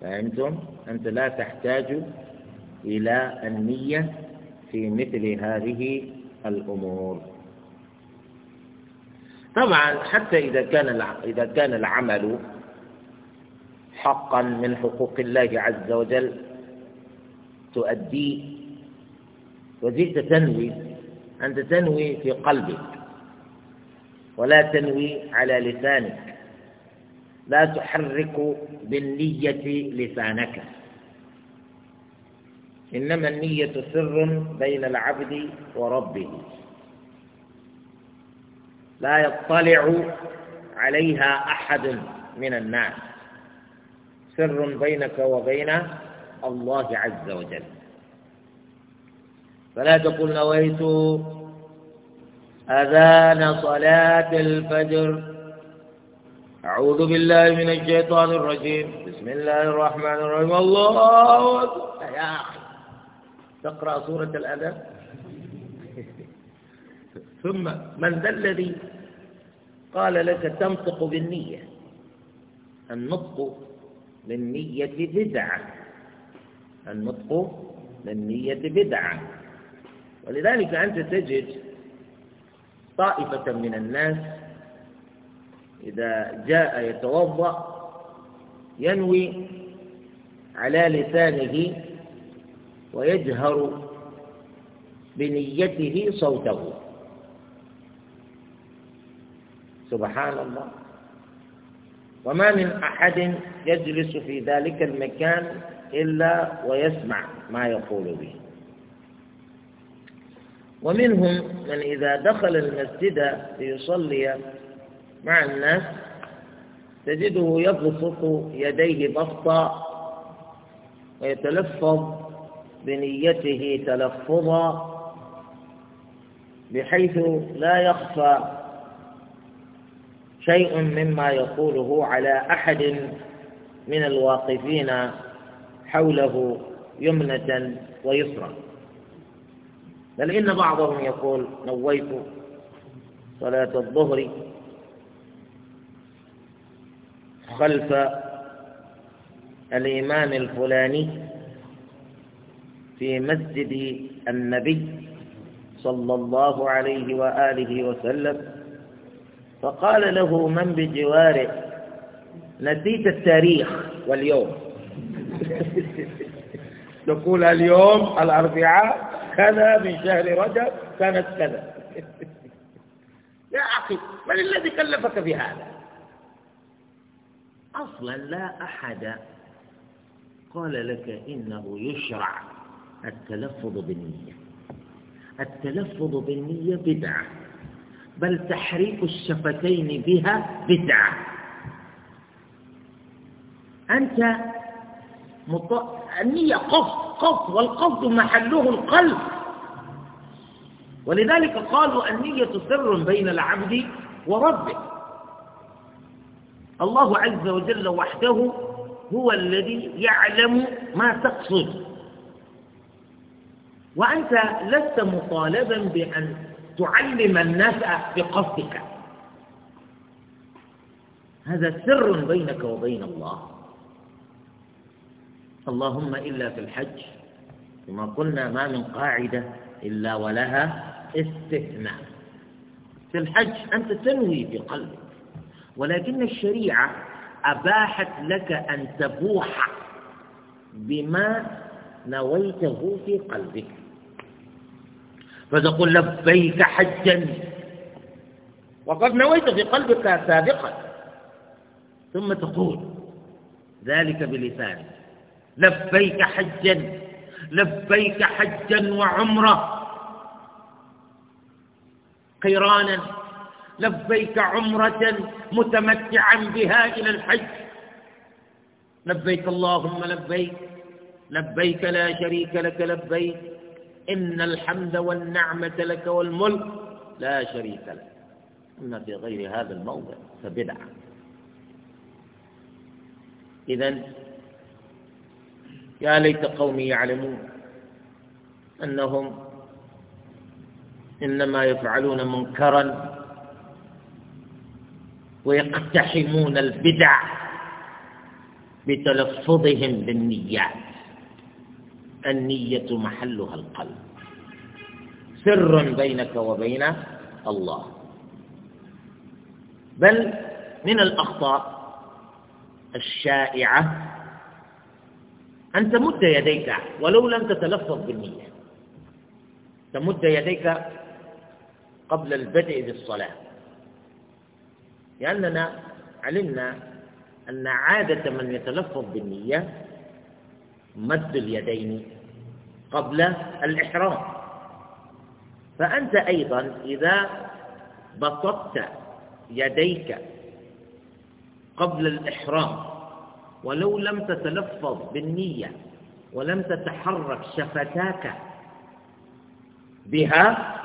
فأنتم أنت لا تحتاج إلى النية في مثل هذه الأمور طبعا حتى إذا كان إذا كان العمل حقا من حقوق الله عز وجل تؤديه وزدت تنوي أنت تنوي في قلبك ولا تنوي على لسانك لا تحرك بالنية لسانك إنما النية سر بين العبد وربه لا يطلع عليها أحد من الناس سر بينك وبين الله عز وجل فلا تقل نويت أذان صلاة الفجر أعوذ بالله من الشيطان الرجيم بسم الله الرحمن الرحيم الله أكبر يا أخي تقرأ سورة الاذان ثم من ذا الذي قال لك تنطق بالنية النطق بالنية بدعة النطق بالنية بدعة ولذلك أنت تجد طائفة من الناس إذا جاء يتوضأ ينوي على لسانه ويجهر بنيته صوته سبحان الله وما من أحد يجلس في ذلك المكان إلا ويسمع ما يقول به ومنهم من إذا دخل المسجد ليصلي مع الناس تجده يبسط يديه بسطا ويتلفظ بنيته تلفظا بحيث لا يخفى شيء مما يقوله على أحد من الواقفين حوله يمنة ويسرا بل إن بعضهم يقول نويت صلاة الظهر خلف الإمام الفلاني في مسجد النبي صلى الله عليه وآله وسلم فقال له من بجواره نسيت التاريخ واليوم تقول اليوم الأربعاء كذا من شهر رجب كانت كذا يا أخي من الذي كلفك بهذا أصلا لا أحد قال لك إنه يشرع التلفظ بالنية التلفظ بالنية بدعة بل تحريك الشفتين بها بدعة أنت مط... النية قصد قصد والقصد محله القلب ولذلك قالوا النية سر بين العبد وربه الله عز وجل وحده هو الذي يعلم ما تقصد وأنت لست مطالبا بأن تعلم الناس بقصدك هذا سر بينك وبين الله اللهم إلا في الحج كما قلنا ما من قاعدة إلا ولها استثناء في الحج أنت تنوي بقلبك ولكن الشريعة أباحت لك أن تبوح بما نويته في قلبك فتقول لبيك حجا وقد نويت في قلبك سابقا ثم تقول ذلك بلسانك لبيك حجا لبيك حجا وعمره قيرانا لبيك عمرة متمتعا بها إلى الحج لبيك اللهم لبيك لبيك لا شريك لك لبيك إن الحمد والنعمة لك والملك لا شريك لك أما في غير هذا الموضع فبدعة إذا يا ليت قومي يعلمون أنهم إنما يفعلون منكرا ويقتحمون البدع بتلفظهم بالنيات النية محلها القلب سر بينك وبين الله بل من الأخطاء الشائعة أن تمد يديك ولو لم تتلفظ بالنية تمد يديك قبل البدء بالصلاة لأننا علمنا أن عادة من يتلفظ بالنية مد اليدين قبل الإحرام فأنت أيضا إذا بسطت يديك قبل الإحرام ولو لم تتلفظ بالنية ولم تتحرك شفتاك بها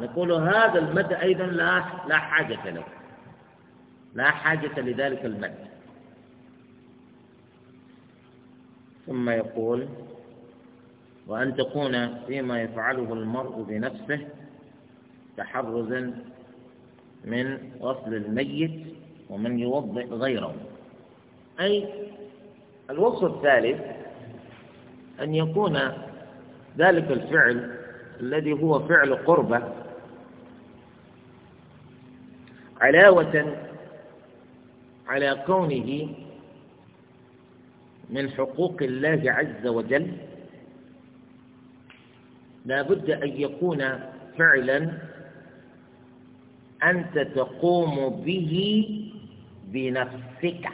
نقول هذا المد أيضا لا لا حاجة له لا حاجة لذلك المد ثم يقول وأن تكون فيما يفعله المرء بنفسه تحرزا من غسل الميت ومن يوضئ غيره أي الوصف الثالث أن يكون ذلك الفعل الذي هو فعل قربة علاوة على كونه من حقوق الله عز وجل لا بد أن يكون فعلا أنت تقوم به بنفسك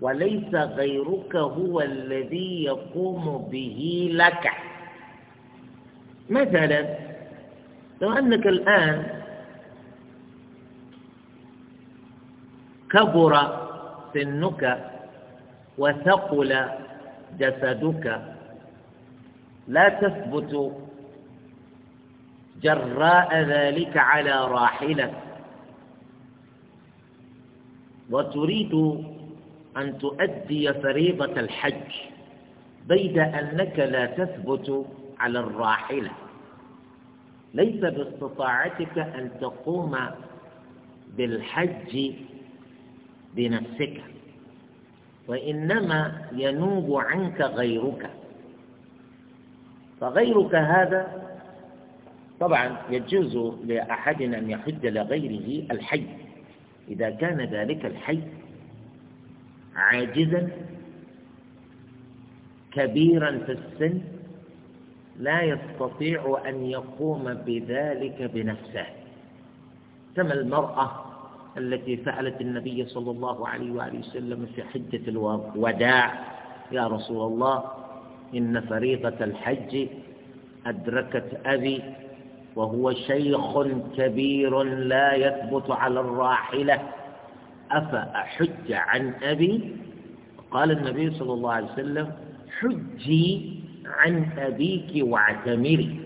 وليس غيرك هو الذي يقوم به لك مثلا لو أنك الآن كبر سنك وثقل جسدك لا تثبت جراء ذلك على راحلك وتريد أن تؤدي فريضة الحج بيد أنك لا تثبت على الراحلة ليس باستطاعتك أن تقوم بالحج بنفسك وإنما ينوب عنك غيرك فغيرك هذا طبعا يجوز لأحد أن يحج لغيره الحي إذا كان ذلك الحي عاجزا كبيرا في السن لا يستطيع أن يقوم بذلك بنفسه كما المرأة التي سألت النبي صلى الله عليه وآله وسلم في حجة الوداع يا رسول الله إن فريضة الحج أدركت أبي وهو شيخ كبير لا يثبت على الراحلة أفأحج عن أبي قال النبي صلى الله عليه وسلم حجي عن أبيك واعتمري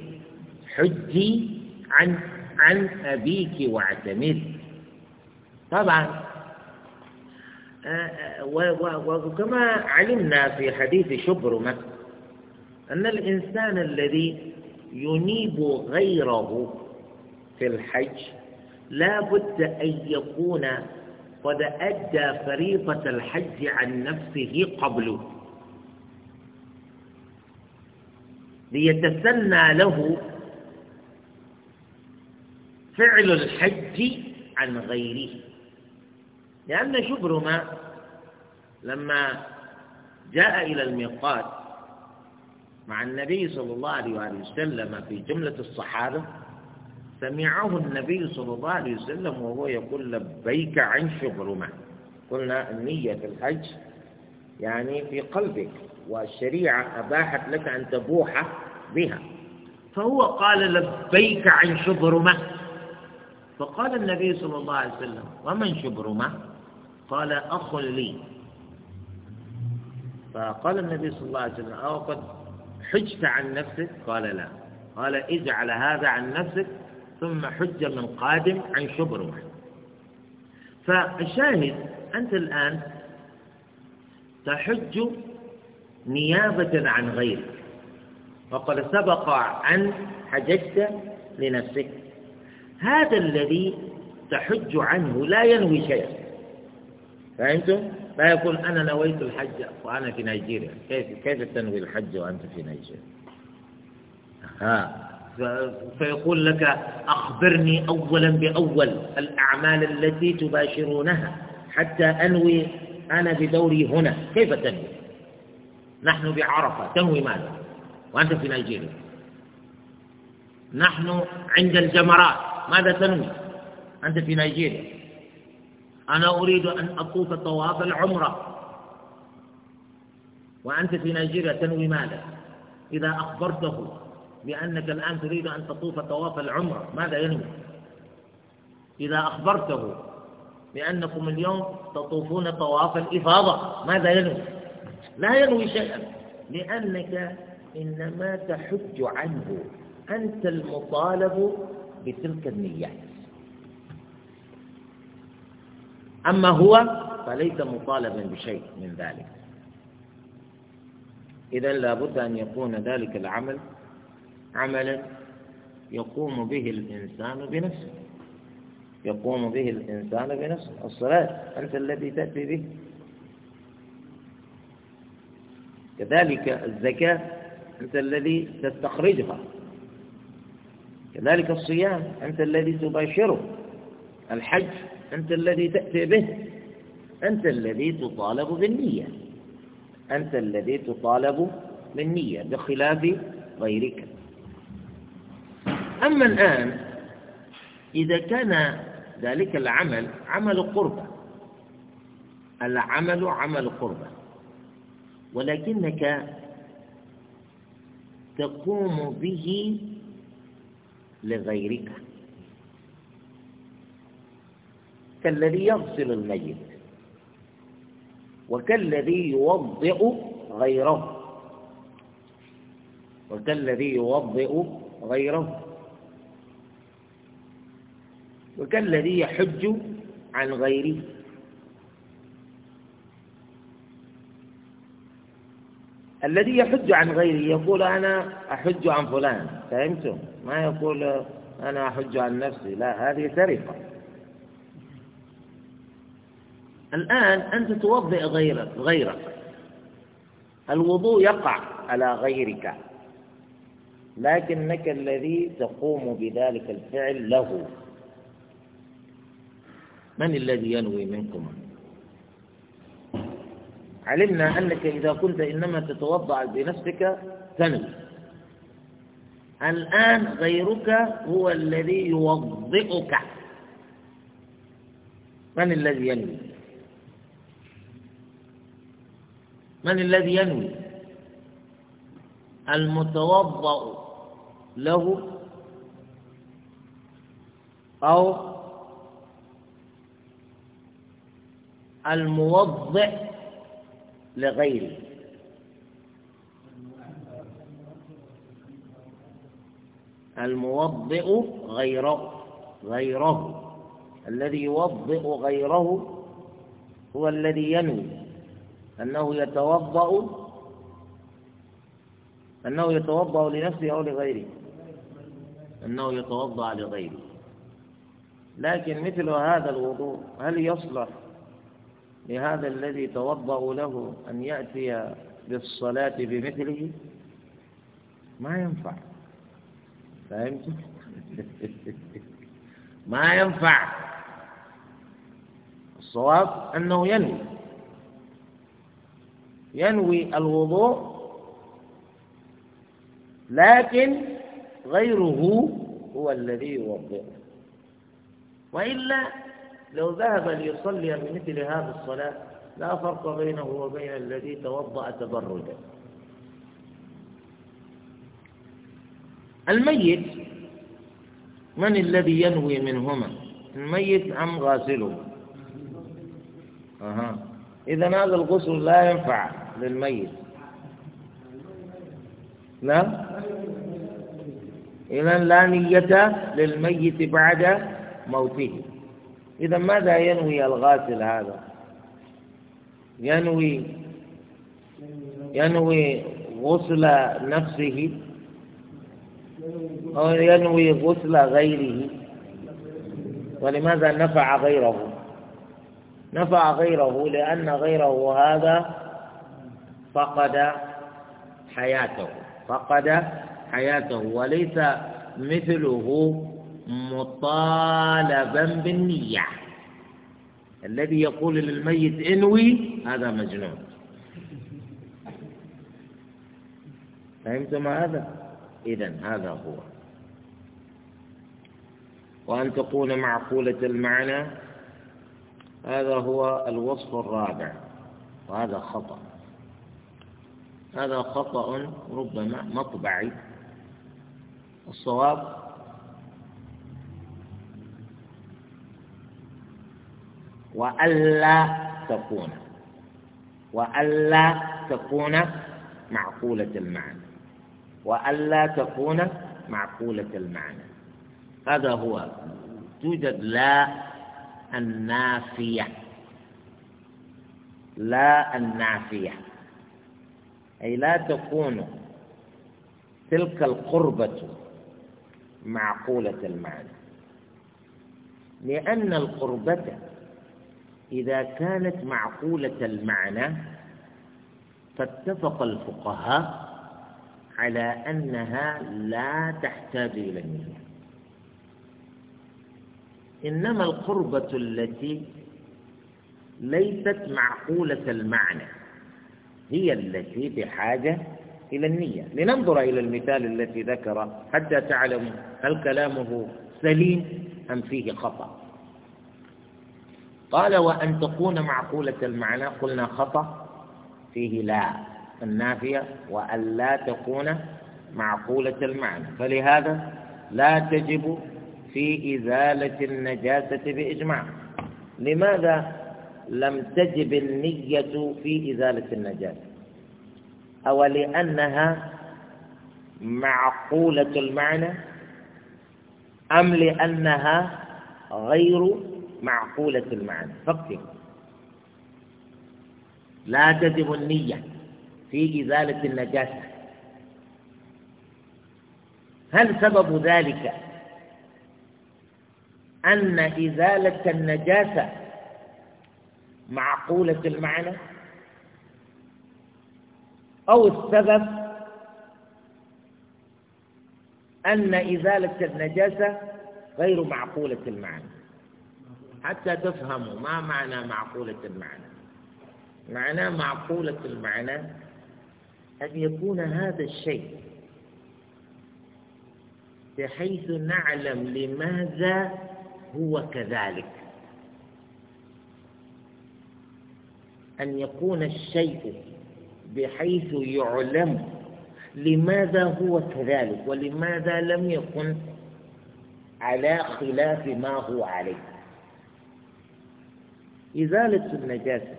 حجي عن عن أبيك واعتمري طبعا آه، آه، وكما علمنا في حديث شبرمة أن الإنسان الذي ينيب غيره في الحج لا بد أن يكون قد أدى فريضة الحج عن نفسه قبله ليتسنى له فعل الحج عن غيره لأن شبرمة لما جاء إلى الميقات مع النبي صلى الله عليه وسلم في جملة الصحابة سمعه النبي صلى الله عليه وسلم وهو يقول لبيك عن شبرمة قلنا النية في الحج يعني في قلبك والشريعة أباحت لك أن تبوح بها فهو قال لبيك عن شبرمة فقال النبي صلى الله عليه وسلم ومن شبرمة قال أخ لي فقال النبي صلى الله عليه وسلم أو قد حجت عن نفسك قال لا قال اجعل هذا عن نفسك ثم حج من قادم عن شبرمة فالشاهد أنت الآن تحج نيابة عن غيرك وقد سبق أن حججت لنفسك هذا الذي تحج عنه لا ينوي شيئا فهمتم؟ لا يقول أنا نويت الحج وأنا في نيجيريا كيف كيف تنوي الحج وأنت في نيجيريا؟ ها فيقول لك أخبرني أولا بأول الأعمال التي تباشرونها حتى أنوي أنا بدوري هنا كيف تنوي نحن بعرفة تنوي ماذا وأنت في نيجيريا نحن عند الجمرات ماذا تنوي أنت في نيجيريا أنا أريد أن أطوف طواف العمرة وأنت في نيجيريا تنوي ماذا؟ إذا أخبرته بأنك الآن تريد أن تطوف طواف العمرة ماذا ينوي؟ إذا أخبرته بأنكم اليوم تطوفون طواف الإفاضة ماذا ينوي؟ لا ينوي شيئا لأنك إنما تحج عنه أنت المطالب بتلك النيات أما هو فليس مطالبا بشيء من ذلك إذا لابد أن يكون ذلك العمل عملا يقوم به الإنسان بنفسه يقوم به الإنسان بنفسه الصلاة أنت الذي تأتي به كذلك الزكاة أنت الذي تستخرجها كذلك الصيام أنت الذي تباشره الحج أنت الذي تأتي به أنت الذي تطالب بالنية أنت الذي تطالب بالنية بخلاف غيرك أما الآن إذا كان ذلك العمل عمل قربة العمل عمل قربة ولكنك تقوم به لغيرك كالذي يغسل الميت وكالذي يوضئ غيره وكالذي يوضئ غيره وكالذي يحج عن غيره الذي يحج عن غيره يقول أنا أحج عن فلان فهمتم ما يقول أنا أحج عن نفسي لا هذه سرقة الآن أنت توضئ غيرك غيرك الوضوء يقع على غيرك لكنك الذي تقوم بذلك الفعل له من الذي ينوي منكم علمنا أنك إذا كنت إنما تتوضأ بنفسك تنوي الآن غيرك هو الذي يوضئك من الذي ينوي من الذي ينوي المتوضأ له أو الموضع لغيره الموضئ غيره غيره الذي يوضئ غيره هو الذي ينوي أنه يتوضأ أنه يتوضأ لنفسه أو لغيره أنه يتوضأ لغيره لكن مثل هذا الوضوء هل يصلح لهذا الذي توضأ له أن يأتي بالصلاة بمثله ما ينفع فهمت؟ ما ينفع الصواب أنه ينوي ينوي الوضوء لكن غيره هو الذي يوضئه وإلا لو ذهب ليصلي بمثل هذه الصلاة لا فرق بينه وبين الذي توضأ تبرجا الميت من الذي ينوي منهما الميت أم غاسله أها إذا هذا الغسل لا ينفع للميت نعم إذا لا نية للميت بعد موته إذا ماذا ينوي الغاسل هذا ينوي ينوي غسل نفسه أو ينوي غسل غيره ولماذا نفع غيره نفع غيره لأن غيره هذا فقد حياته فقد حياته وليس مثله مطالبا بالنية الذي يقول للميت انوي هذا مجنون فهمتم هذا؟ إذا هذا هو وأن تكون معقولة المعنى هذا هو الوصف الرابع وهذا خطأ هذا خطأ ربما مطبعي الصواب وألا تكون وألا تكون معقولة المعنى وألا تكون معقولة المعنى هذا هو توجد لا النافية لا النافية أي لا تكون تلك القربة معقولة المعنى لأن القربة إذا كانت معقولة المعنى فاتفق الفقهاء على أنها لا تحتاج إلى النية إنما القربة التي ليست معقولة المعنى هي التي بحاجة إلى النية لننظر إلى المثال الذي ذكر حتى تعلم هل كلامه سليم أم فيه خطأ قال وأن تكون معقولة المعنى قلنا خطأ فيه لا النافية وأن لا تكون معقولة المعنى فلهذا لا تجب في إزالة النجاسة بإجماع لماذا لم تجب النية في إزالة النجاسة أو لأنها معقولة المعنى أم لأنها غير معقولة المعنى فقط لا تجب النية في إزالة النجاسة هل سبب ذلك أن إزالة النجاسة معقولة المعنى أو السبب أن إزالة النجاسة غير معقولة المعنى حتى تفهموا ما معنى معقولة المعنى معنى معقولة المعنى أن يكون هذا الشيء بحيث نعلم لماذا هو كذلك أن يكون الشيء بحيث يعلم لماذا هو كذلك ولماذا لم يكن على خلاف ما هو عليه إزالة النجاسة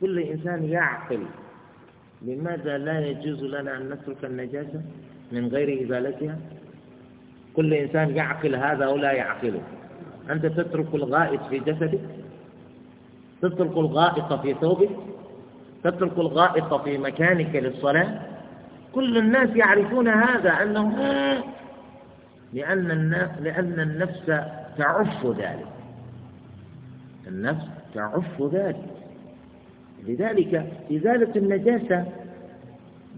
كل إنسان يعقل لماذا لا يجوز لنا أن نترك النجاسة من غير إزالتها كل إنسان يعقل هذا ولا يعقله أنت تترك الغائط في جسدك تترك الغائط في ثوبك تترك الغائط في مكانك للصلاة كل الناس يعرفون هذا أنه لأن لأن النفس تعف ذلك النفس تعف ذلك لذلك إزالة النجاسة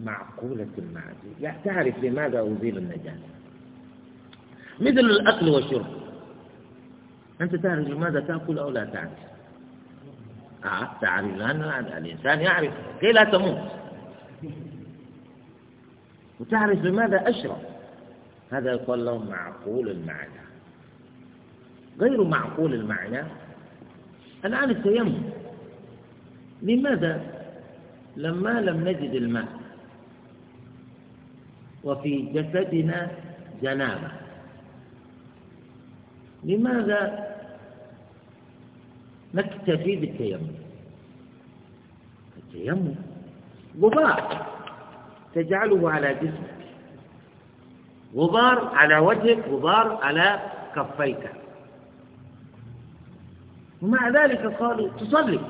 معقولة المعادن يعني تعرف لماذا أزيل النجاسة مثل الأكل والشرب أنت تعرف لماذا تأكل أو لا تعرف آه تعرف لأن الإنسان يعرف كي لا تموت وتعرف لماذا أشرب هذا يقول له معقول المعنى غير معقول المعنى الآن التيمم لماذا لما لم نجد الماء وفي جسدنا جنابة لماذا نكتفي بالتيمم التيمم غبار تجعله على جسمك غبار على وجهك غبار على كفيك ومع ذلك قالوا تصلي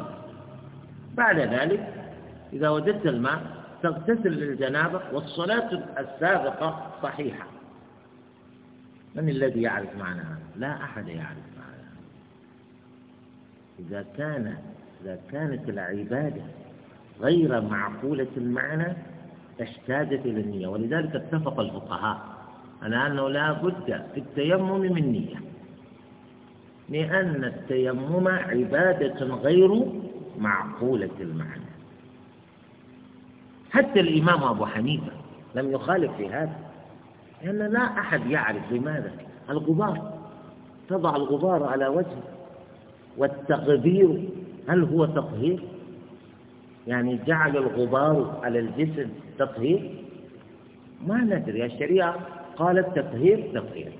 بعد ذلك إذا وجدت الماء تغتسل للجنابة والصلاة السابقة صحيحة من الذي يعرف معنى هذا؟ لا أحد يعرف إذا كان إذا كانت العبادة غير معقولة المعنى احتاجت إلى النية ولذلك اتفق الفقهاء على أنه لا بد في التيمم من نية لأن التيمم عبادة غير معقولة المعنى حتى الإمام أبو حنيفة لم يخالف في هذا لأن لا أحد يعرف لماذا الغبار تضع الغبار على وجهه والتغبير هل هو تطهير يعني جعل الغبار على الجسم تطهير ما ندري الشريعة قالت تطهير تطهير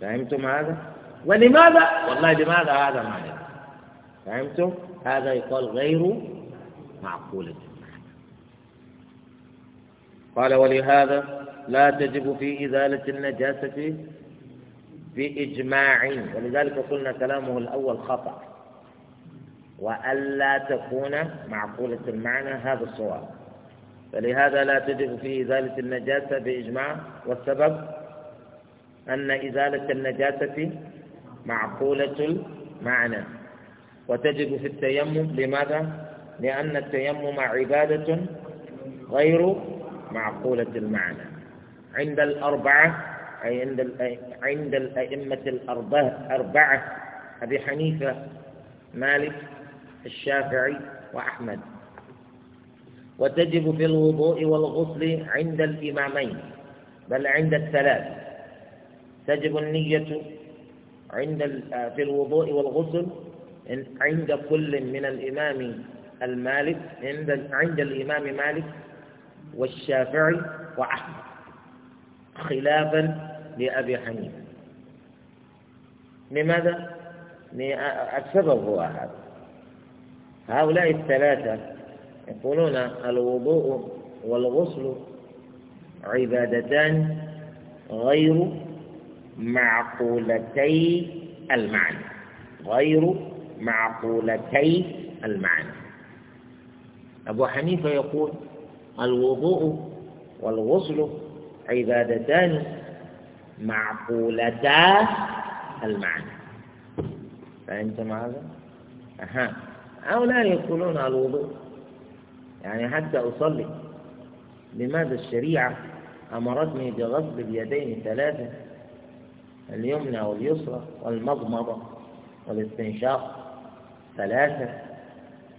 فهمتم هذا ولماذا والله لماذا هذا ما ندري فهمتم هذا يقال غير معقول قال ولهذا لا تجب في إزالة النجاسة بإجماع ولذلك قلنا كلامه الأول خطأ وألا تكون معقولة المعنى هذا الصواب فلهذا لا تجب في إزالة النجاسة بإجماع والسبب أن إزالة النجاسة معقولة المعنى وتجب في التيمم لماذا؟ لأن التيمم عبادة غير معقولة المعنى عند الأربعة عند عند الأئمة الأربعة أبي حنيفة مالك الشافعي وأحمد وتجب في الوضوء والغسل عند الإمامين بل عند الثلاث تجب النية عند في الوضوء والغسل عند كل من الإمام المالك عند عند الإمام مالك والشافعي وأحمد خلافا لأبي حنيفة لماذا؟ السبب هو هذا هؤلاء الثلاثة يقولون الوضوء والغسل عبادتان غير معقولتي المعنى غير معقولتي المعنى أبو حنيفة يقول الوضوء والغسل عبادتان معقولتا المعنى فأنت ماذا؟ أها أها هؤلاء يقولون الوضوء يعني حتى أصلي لماذا الشريعة أمرتني بغسل اليدين ثلاثة اليمنى واليسرى والمضمضة والاستنشاق ثلاثة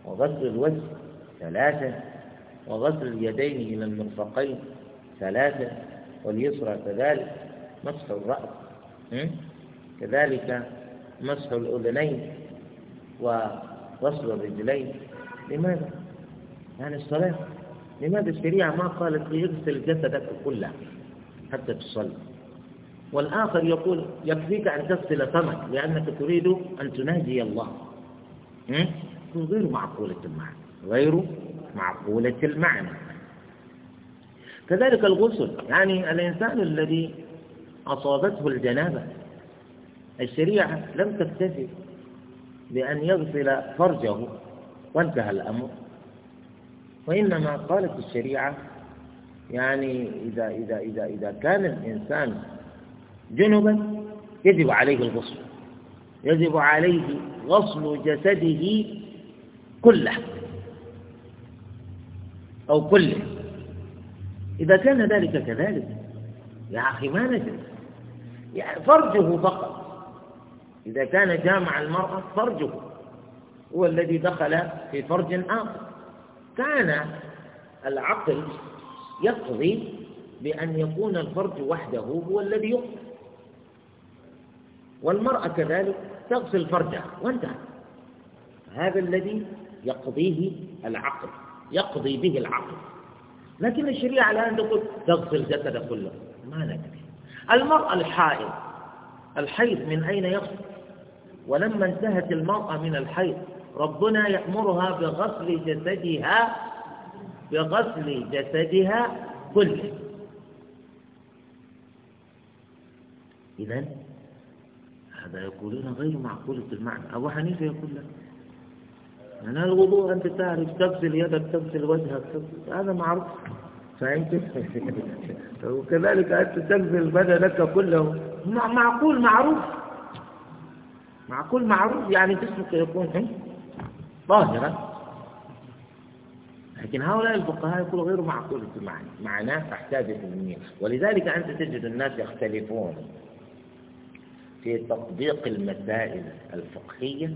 وغسل الوجه ثلاثة وغسل اليدين إلى المرفقين ثلاثة واليسرى كذلك مسح الرأس كذلك مسح الأذنين وغسل الرجلين لماذا؟ يعني الصلاة لماذا الشريعة ما قالت ليغسل جسدك كله حتى تصلي والآخر يقول يكفيك أن تغسل فمك لأنك تريد أن تناجي الله غير معقولة المعنى غير معقولة المعنى كذلك الغسل يعني الإنسان الذي أصابته الجنابة الشريعة لم تكتفي بأن يغسل فرجه وانتهى الأمر وإنما قالت الشريعة يعني إذا إذا إذا إذا كان الإنسان جنبا يجب عليه الغسل يجب عليه غسل جسده كله أو كله إذا كان ذلك كذلك يا أخي ما نجد يعني فرجه فقط إذا كان جامع المرأة فرجه هو الذي دخل في فرج آخر كان العقل يقضي بأن يكون الفرج وحده هو الذي يقضي والمرأة كذلك تغسل فرجها وانتهى هذا الذي يقضيه العقل يقضي به العقل لكن الشريعة الآن تقول تغسل جسد كله ما ندري المرأة الحائض الحيض من أين يغسل ولما انتهت المرأة من الحيض ربنا يأمرها بغسل جسدها بغسل جسدها كله إذا هذا يقولون غير معقولة المعنى أبو حنيفة يقول لك أنا يعني الوضوء أنت تعرف تغسل يدك تغسل وجهك هذا معروف فهمت وكذلك أنت تغسل بدنك كله معقول معروف معقول معروف يعني جسمك يكون إيه؟ طاهرا لكن هؤلاء الفقهاء يقولوا غير معقول المعنى معناه تحتاج المنين ولذلك أنت تجد الناس يختلفون في تطبيق المسائل الفقهية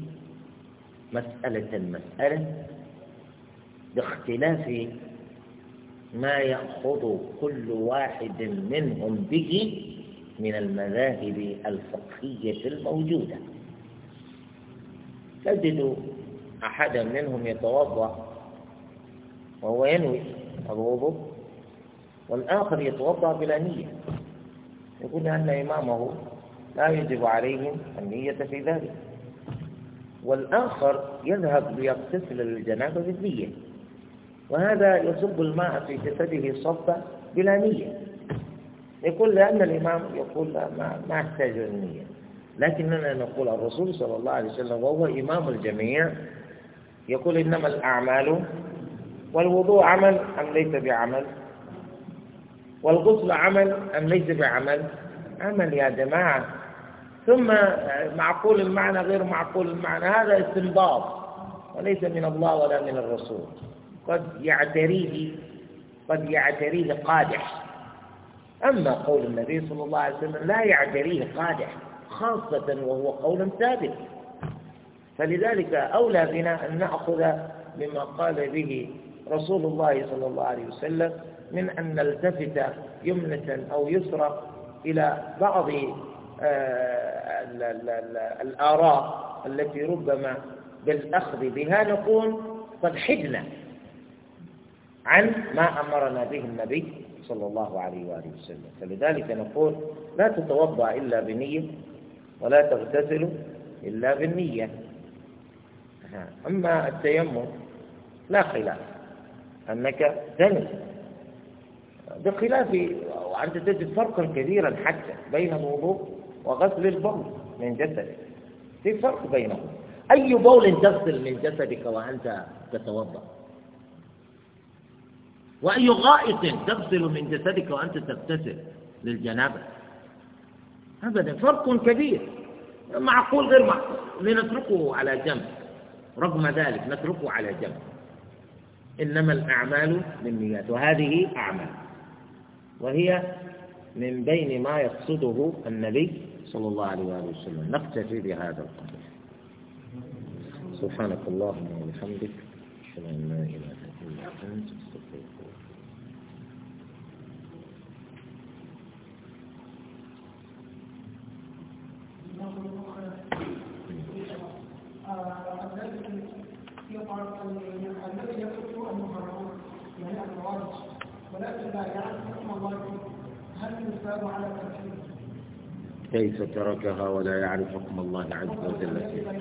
مسألة مسألة باختلاف ما يأخذ كل واحد منهم به من المذاهب الفقهية الموجودة تجد أحدا منهم يتوضأ وهو ينوي الوضوء والآخر يتوضأ بلا نية يقول أن إمامه لا يجب عليهم النية في ذلك والآخر يذهب ليغتسل الجنابة بالنية وهذا يصب الماء في جسده صبا بلا نية يقول لأن الإمام يقول لا ما, ما أحتاج النية لكننا نقول الرسول صلى الله عليه وسلم وهو إمام الجميع يقول إنما الأعمال والوضوء عمل أم ليس بعمل والغسل عمل أم ليس بعمل عمل يا جماعة ثم معقول المعنى غير معقول المعنى هذا استنباط وليس من الله ولا من الرسول قد يعتريه قد يعتريه قادح أما قول النبي صلى الله عليه وسلم لا يعتريه قادح خاصة وهو قول ثابت فلذلك أولى بنا أن نأخذ مما قال به رسول الله صلى الله عليه وسلم من أن نلتفت يمنة أو يسرى إلى بعض آه، الآراء التي ربما بالأخذ بها نكون قد حدنا عن ما أمرنا به النبي صلى الله عليه وآله وسلم فلذلك نقول لا تتوضأ إلا بنية ولا تغتسل إلا بالنية أما التيمم لا خلاف أنك تنم بخلاف وأنت تجد فرقا كبيرا حتى بين الوضوء وغسل البول من جسدك في فرق بينهم أي بول تغسل من جسدك وأنت تتوضأ وأي غائط تغسل من جسدك وأنت تغتسل للجنابة أبدا فرق كبير معقول غير معقول لنتركه على جنب رغم ذلك نتركه على جنب إنما الأعمال بالنيات وهذه أعمال وهي من بين ما يقصده النبي صلى الله عليه وآله وسلم نقتفي بهذا القدر سبحانك اللهم وبحمدك أشهد أن لا إله إلا أنت أستغفرك ولكن لا يعلم الله هل يثاب على تركيبه كيف تركها ولا يعرف حكم الله عز وجل فيها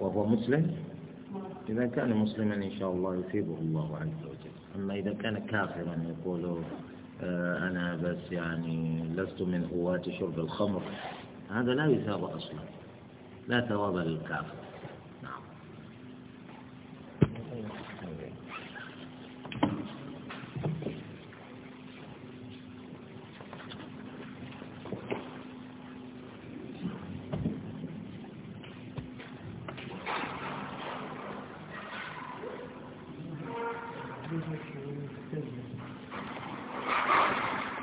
وهو مسلم إذا كان مسلما إن شاء الله يثيبه الله عز وجل أما إذا كان كافرا يقول آه، أنا بس يعني لست من هواة شرب الخمر هذا لا يثاب أصلا لا ثواب للكافر